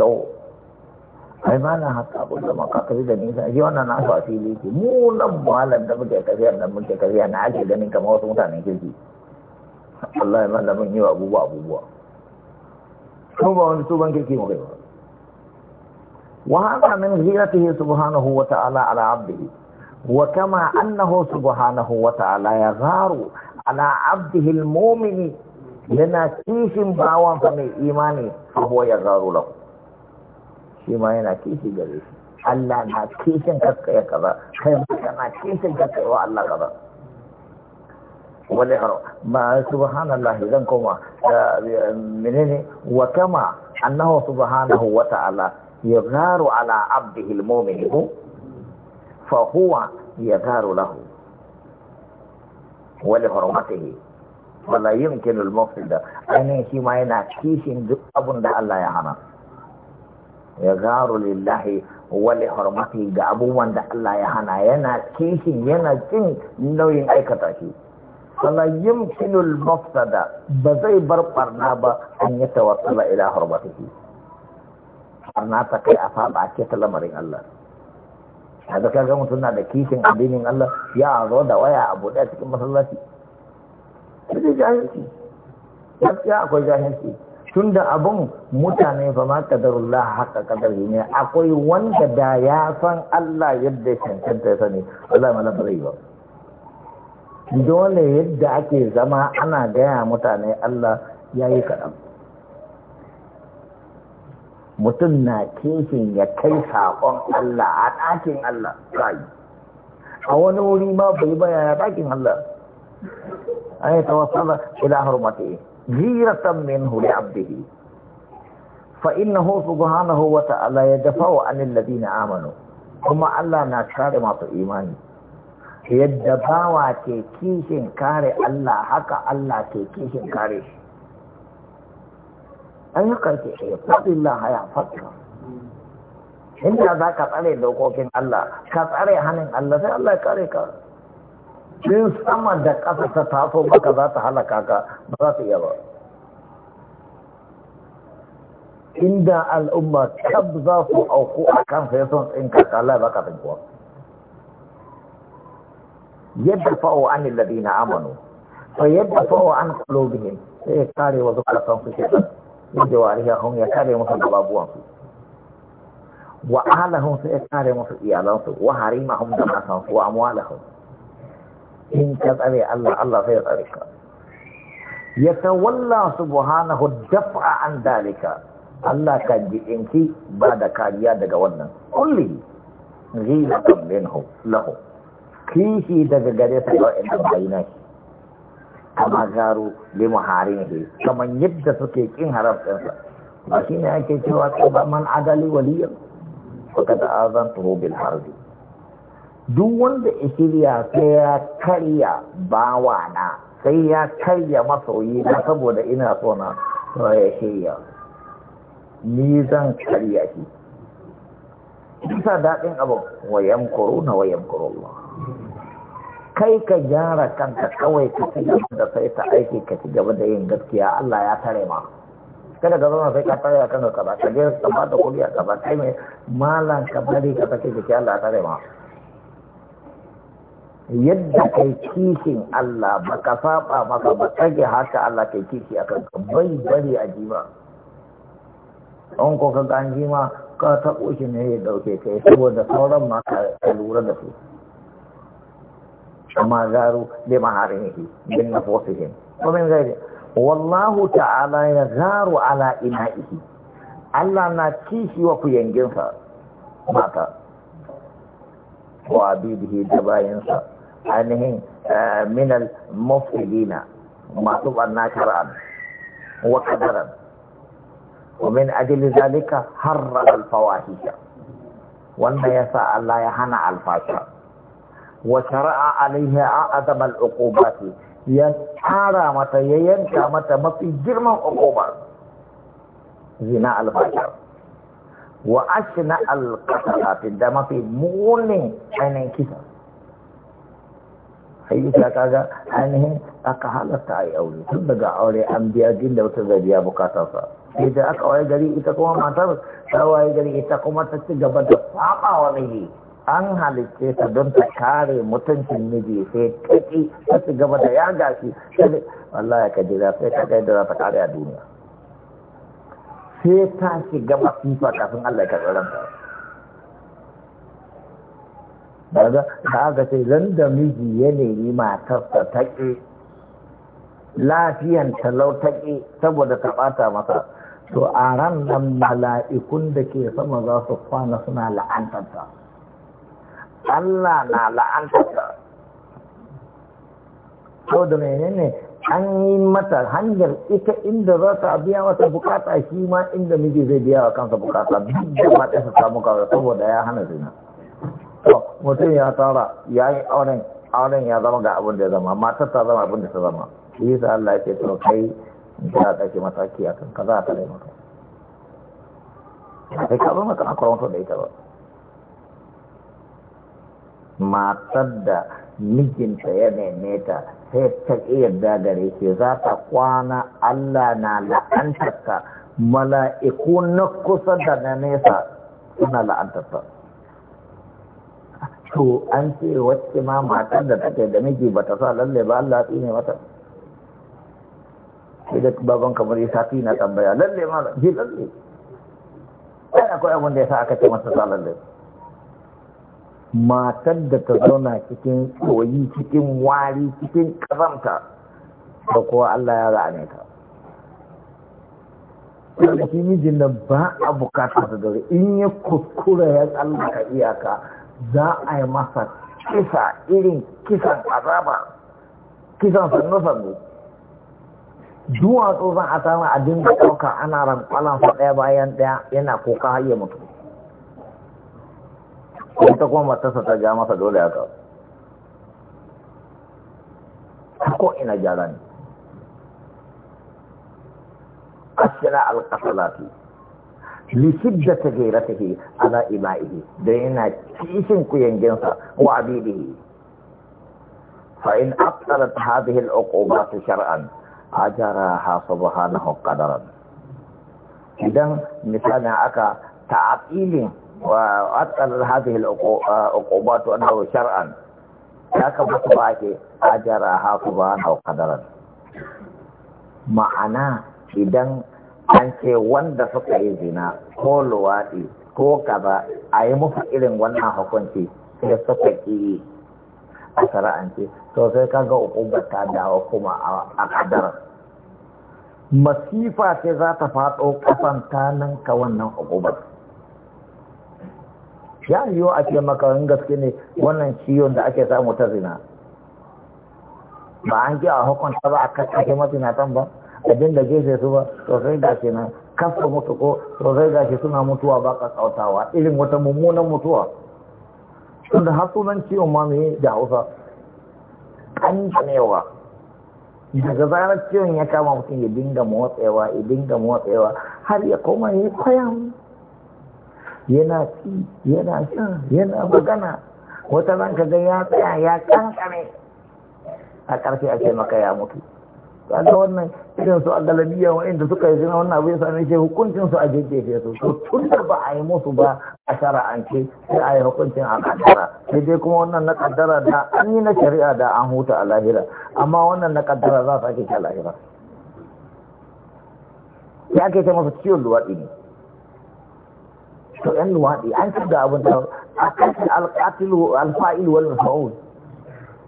[SPEAKER 1] eh oh. ai ma na haka abin da maka kai da nisa shi wannan na fa fili ke mu nan malam da muke tafiya da muke tafiya na ake ganin kamar wasu mutanen kirki Allah ya manda mun yi abubuwa abubuwa kuma ba wani tuban kirki mu kai ba wa hada min ghiratihi subhanahu wa ta'ala ala 'abdihi wa kama annahu subhanahu wa ta'ala ya gharu ala 'abdihi al-mu'mini yana kishin bawan fa mai imani fa huwa ya gharu lahu shi ma yana kishi gare shi Allah na kishin kaska ya kaza kai ma kana kishin kaska wa Allah kaza wani haro ba subhanallah zan koma menene wa kama annahu subhanahu wa ta'ala yagharu ala abdihi almu'min fa huwa yagharu lahu wa li hurmatihi wala yumkinu almufsida ainihin shi ma yana kishin duk abun da Allah ya hana ya garu lillahi wali hurmati ga abubuwan da Allah ya hana yana kishin yana jin nauyin aikata shi sannan yumkinul mafsada ba zai bar barna ba an yi tawassala ila hurmatihi barna ta kai a faɗa ce ta lamarin Allah kaga kaga mutum na da kishin addinin Allah ya zo da waya a buɗe cikin masallaci sai jahilci gaskiya akwai jahilci Tunda abin mutane ba ma kadarullah haka kadar ne akwai wanda da ya san Allah yadda cancanta ya sani Allah ma labarai ba dole yadda ake zama ana gaya mutane Allah ya yi kaɗan mutum na kishin ya kai saƙon Allah a ɗakin Allah kai a wani wuri ma bai baya ɗakin Allah an yi tawassala ila hurmatihi ghiratan minhu li 'abdihi fa innahu subhanahu wa ta'ala ya dafa wa 'ani alladhina amanu kuma Allah na kare masu imani yadda bawa ke kishin kare Allah haka Allah ke kishin kare shi an yi karfe shi faɗi Allah ya faɗi inda za ka tsare dokokin Allah ka tsare hannun Allah sai Allah ya kare ka din sama da ƙasa ta taso maka za ta halaka ka ba za ta iya ba inda al'umma kab za su auku a kan sai sun tsinka kala ba ka tsinkuwa yadda fa'o an lillabi na amanu fa yadda fa'o an kulobihim sai ya kare wa kasan su shekar yadda wa alihahun ya kare musu su wa alahun sai ya kare musu iyalansu wa Harima harimahun da masansu wa amwalahun ينكب عليه الله الله في ذلك يتولى سبحانه الدفع عن ذلك الله كان جئنكي بعد كاريا دقا ونن قل لي غيلة منه له كيه دقا قريسا لو انت بينك كما غارو لمحارينه كما يبدا سكيك ان هربت انسا لكن يعني كيف يوات من عدل ولي فقد آذنته بالحرب duk wanda ya sai ya karya bawa na sai ya karya masoyi na saboda ina so na ya shirya ni zan karya shi bisa daɗin abin wayan kuro na wayan kuro kai ka gyara kanka kawai ka ci gaba da sai ta aiki ka ci gaba da yin gaskiya Allah ya tare ma kada ka zama sai ka tare a kanka ka ba ka je ka ba da kuɗi a ka ba kai mai malan ka bari ka da ke Allah ya tare ma yadda yi kishin Allah ba ka saba maka ba tsage haka Allah yi kishi a kanka bai bari a jima an ko ka gan jima ka taɓo shi ne ya ɗauke kai saboda sauran ma ka lura da su amma garu bai maharimihi bin nafosihim ومن غيره والله تعالى Allah na إنائه wa kuyanginsa mata wa abidihi da bayansa عنه يعني, آه، من المفسدين ومعطوب الناكرا وقدرا ومن أجل ذلك حرر الفواحش وما يسعى لا يهنع الفاشا وشرع عليها أعظم العقوبات يسعى متى كما متى مفي جرم العقوبات زنا البشر وأشنع القتلات عندما في مغول من انكسر sai kaga ainihin aka halarta a yi aure tun daga aure an biya jin da wata zabiya bukatar sa sai da aka waye gari ita kuma matar ta waye gari ita kuma ta ci gaba da saba wa miji an halicce ta don ta kare mutuncin miji sai kaki ta ci gaba da ya gashi wallahi ka jira sai ka kai da za ta kare a duniya sai ta sun masifa kafin Allah ya karɓi ranta ba za ka ce zan da miji ya nemi matarsa ta lafiyan talau ta ƙi saboda ta ɓata masa to a ran nan mala'ikun da ke sama za su kwana suna la'antarta. Allah na la'antarta. sau da menene an yi mata hanyar ita inda za ta biya wata bukata shi ma inda miji zai biya wa kansa bukata duk da ba ta samu kawai saboda ya hana zina. mutum ya tara ya yi auren auren ya zama ga abin da ya zama matar ta zama abin da ta zama yi sa Allah ya ce to kai da ɗauke mataki a kan kaza ta laimaka sai ka ba maka akwaranto da ita ba matar da mijinta ya neme ta sai ta yarda gare shi za ta kwana Allah na la'antarta mala'iku na kusa da na nesa suna la'antarta to an ce wacce ma matan da take da miji ba ta sa lalle ba Allah tsine mata sai da baban kamar ya safi na tambaya lalle ma ji lalle ɗan akwai abin da ya sa aka ce masa sa lalle matar da ta zauna cikin koyi cikin wari cikin kazanta da kuwa Allah ya zane ta da mijin da ba a bukatar da dare in ya kuskura ya tsallaka iyaka za a yi masa kisa irin kisan azaba kisan sannu-sannu duwatsu zan a samu a dinga ɗauka ana rankwalan sa ɗaya bayan ɗaya yana kuka har ya mutu Wata kuma matarsa ta ja masa dole haka ko ina gyara ne ashira alƙasalati da ta gera ta ke ala iba'ihi da yana kishin kuyangensa wa abidihi fa in aqtarat hadhihi al-uqubat shar'an ajaraha subhanahu qadaran idan misalin aka ta ta'aqilin wa aqtarat hadhihi al-uqubat annahu shar'an haka ba su ake ajaraha subhanahu qadaran ma'ana idan an ce wanda suka yi zina ko luwaɗi ko kaza a yi musu irin wannan hukunci sai suka ƙi a shara'ance to sai ga ukubar ta dawo kuma a kadar masifa ce za ta faɗo ƙasan ta ninka wannan ukubar ya yiwu a ce makarin gaske ne wannan ciwon da ake samu ta zina ba an ji a hukunta ba a kasashe mazinatan ba ka dinga gefe su ba sosai ga shi nan kafa mutu ko sosai ga shi suna mutuwa ba ka kautawa irin wata mummunan mutuwa tunda har sunan ciwon ma mai da hausa An kanjanewa daga zarar ciwon ya kama mutum ya dinga motsewa ya dinga motsewa har ya koma ya kwayan yana ci yana sha yana magana wata ranka ga ya tsaya ya kankane a ƙarshe ake maka ya mutu kaga wannan irin su a galabiya wa'inda suka yi zina wannan abin sami ce shi hukuncin su a jejjefe su to tun da ba a yi musu ba a shara'ance sai a yi hukuncin a kaddara sai dai kuma wannan na kaddara da an yi na shari'a da an huta a lahira amma wannan na kaddara za su ake ta lahira ya ake ta masa ciwon luwaɗi ne to yan luwaɗi an ci da abin da alfa'il wal mafa'ul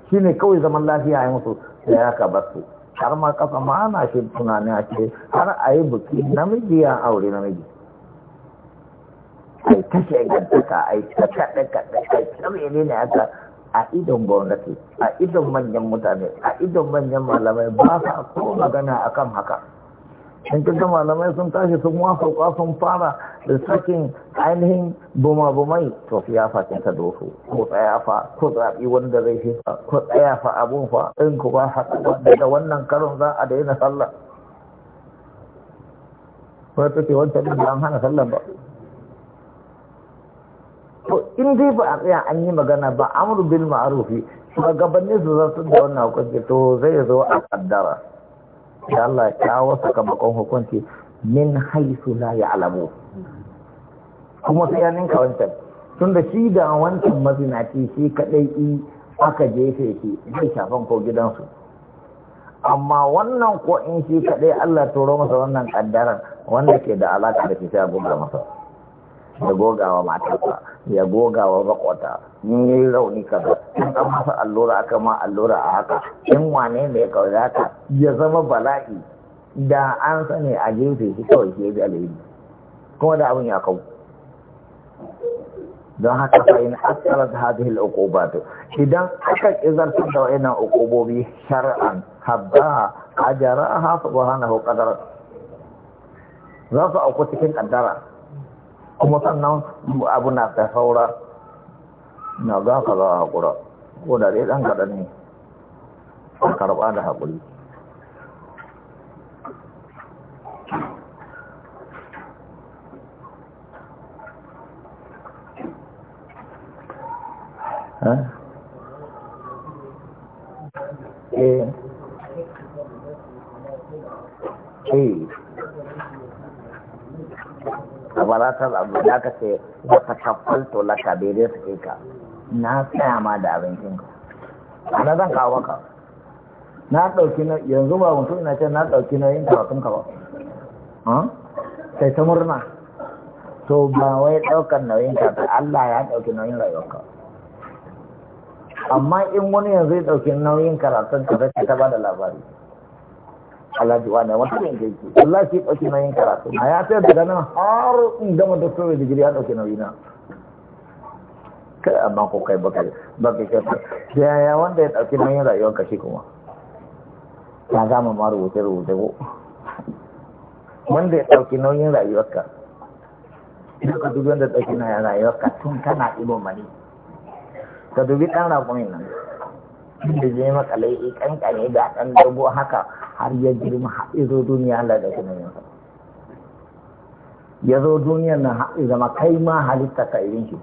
[SPEAKER 1] shine kawai zaman lafiya ya musu da ya ka bar su har ma kafa ma ana shi tunani a ce har a yi buki namiji ya aure namiji ai ta shagantaka ai ta kaɗe kaɗe ai ta mene ne aka a idon gwamnati a idon manyan mutane a idon manyan malamai ba sa ko magana akan haka in kaga malamai sun tashi sun wafa sun fara da sakin ainihin bumabumai to ya fakin ta doso ko fa ko zaɓi wanda zai fi ko fa abun fa in ku ba haɗu da wannan karon za a daina sallah ko ta ce wancan da an hana sallah ba to in dai ba a tsaya an yi magana ba amru bil ma'arufi shugabanni su zartar da wannan hukunci to zai zo a kaddara da Allah ya kawo sakamakon hukunci min haisu la alamu. kuma sai yanin ka wancan tunda shi da wancan mazinaci shi kadai in aka jefe shi zai shafan ko gidansu amma wannan ko in shi kadai Allah turo masa wannan kaddara wanda ke da alaka da shi sai a masa ya gogawa matarsa ya gogawa bakwata in yi rauni kaza in an masa allura aka ma allura a haka in wane ne ya ka ya zama bala'i da an sani a gefe shi kawai ke bi alheri kuma da abin ya kau don haka fa'in da hadhihi al-uqubat idan aka izartar da wayannan uqubobi shar'an habba ha subhanahu qadara za su auku cikin kaddara kuma sannan abu na ta saura na za ka za a haƙura ko da dai ɗan gaɗa ne a karɓa da haƙuri Eh. Eh. kabaratar abu da aka ce wata to la bere su ka na tsaya ma da abincin ka ana zan kawo ka na ɗauki na yanzu ba mutum ina ce na ɗauki na yin karatun ka ba sai ta murna to ba wai ɗaukar nauyin ka ta Allah ya ɗauki nauyin rayuwarka amma in wani yanzu ya ɗauki nauyin karatun ka sai ta ba da labari alhaji wani wata yin yake Allah shi ɗauki yin karatu na ya sayar daga nan har in gama doktorin digiri ya ɗauki nauyi na kai amma ko kai baka baka kyauta da yaya wanda ya ɗauki nauyin rayuwar kashi kuma ya gama ma rubuce rubuce ko wanda ya ɗauki nauyin ka idan ka dubi wanda ɗauki nauyin ka tun kana ilomani ka dubi ɗan raƙumin nan da je maka laifi kankane da ɗan dago haka har ya girma har izo duniya Allah da shi nan ya zo duniyar nan har zama kai ma halitta ka irin shi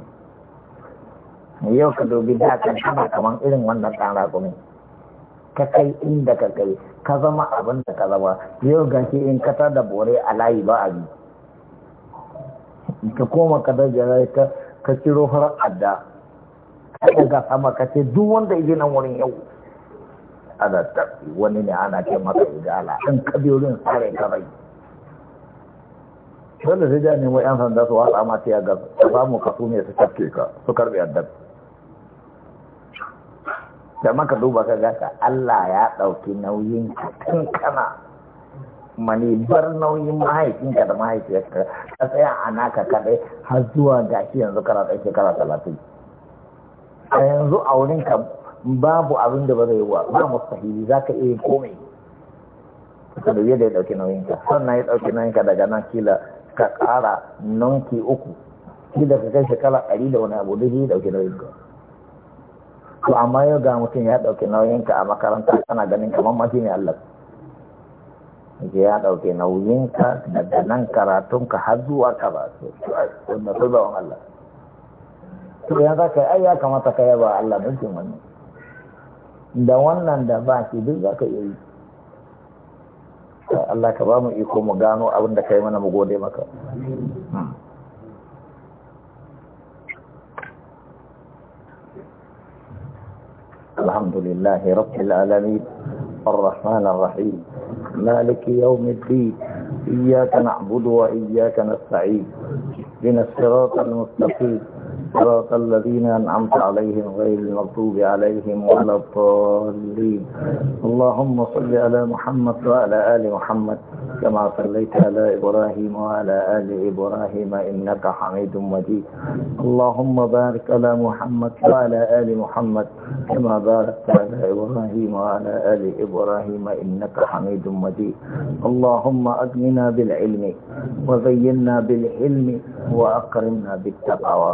[SPEAKER 1] yau ka dogi da kan kama kaman irin wannan ɗan ne. ka kai inda ka kai ka zama abin da ka zama yau shi in ka da bore a layi ba a bi ka koma ka da ka ciro har adda daga sama ka ce duk wanda ya nan wurin yau ana tafi wani ne ana ce maka igala in kabirin tsare ka bai wanda sai ja nemo yan sanda su wasa ma ta yaga samu kaso ne su tafke ka su karbi addab da maka duba ka gasa. Allah ya ɗauki nauyin ka kana mani bar nauyin mahaifinka da mahaifiyarka ka tsaya a naka kaɗai har zuwa gashi yanzu kana ɗan shekara talatin a yanzu a wurin babu abin da ba zai wa ba mustahili za ka iya komai ka dubi da ya dauki nauyin ka sannan ya dauki nauyin daga nan kila ka kara nonki uku kila ka kai shekara ɗari da wani abu duk ya dauki nauyin ka to amma yau ga mutum ya dauki nauyin ka a makaranta kana ganin kamar ma shine Allah je ya dauke nauyin ka daga nan karatun ka har zuwa karatu wannan sai bawon Allah to ya za ka yi ai ya kamata ka yaba Allah don cin wannan da wannan da ba shi duk za ka iya yi Allah ka ba mu iko mu gano abin da ka yi mana mu gode maka الحمد لله رب العالمين الرحمن الرحيم مالك يوم الدين إياك نعبد وإياك نستعين بنا الصراط المستقيم صراط الذين أنعمت عليهم غير المغضوب عليهم ولا الضالين اللهم صل على محمد وعلى آل محمد كما صليت على إبراهيم وعلى آل إبراهيم إنك حميد مجيد اللهم بارك على محمد وعلى آل محمد كما باركت على إبراهيم وعلى آل إبراهيم إنك حميد مجيد اللهم أغننا بالعلم وزينا بالعلم وأكرمنا بالتقوى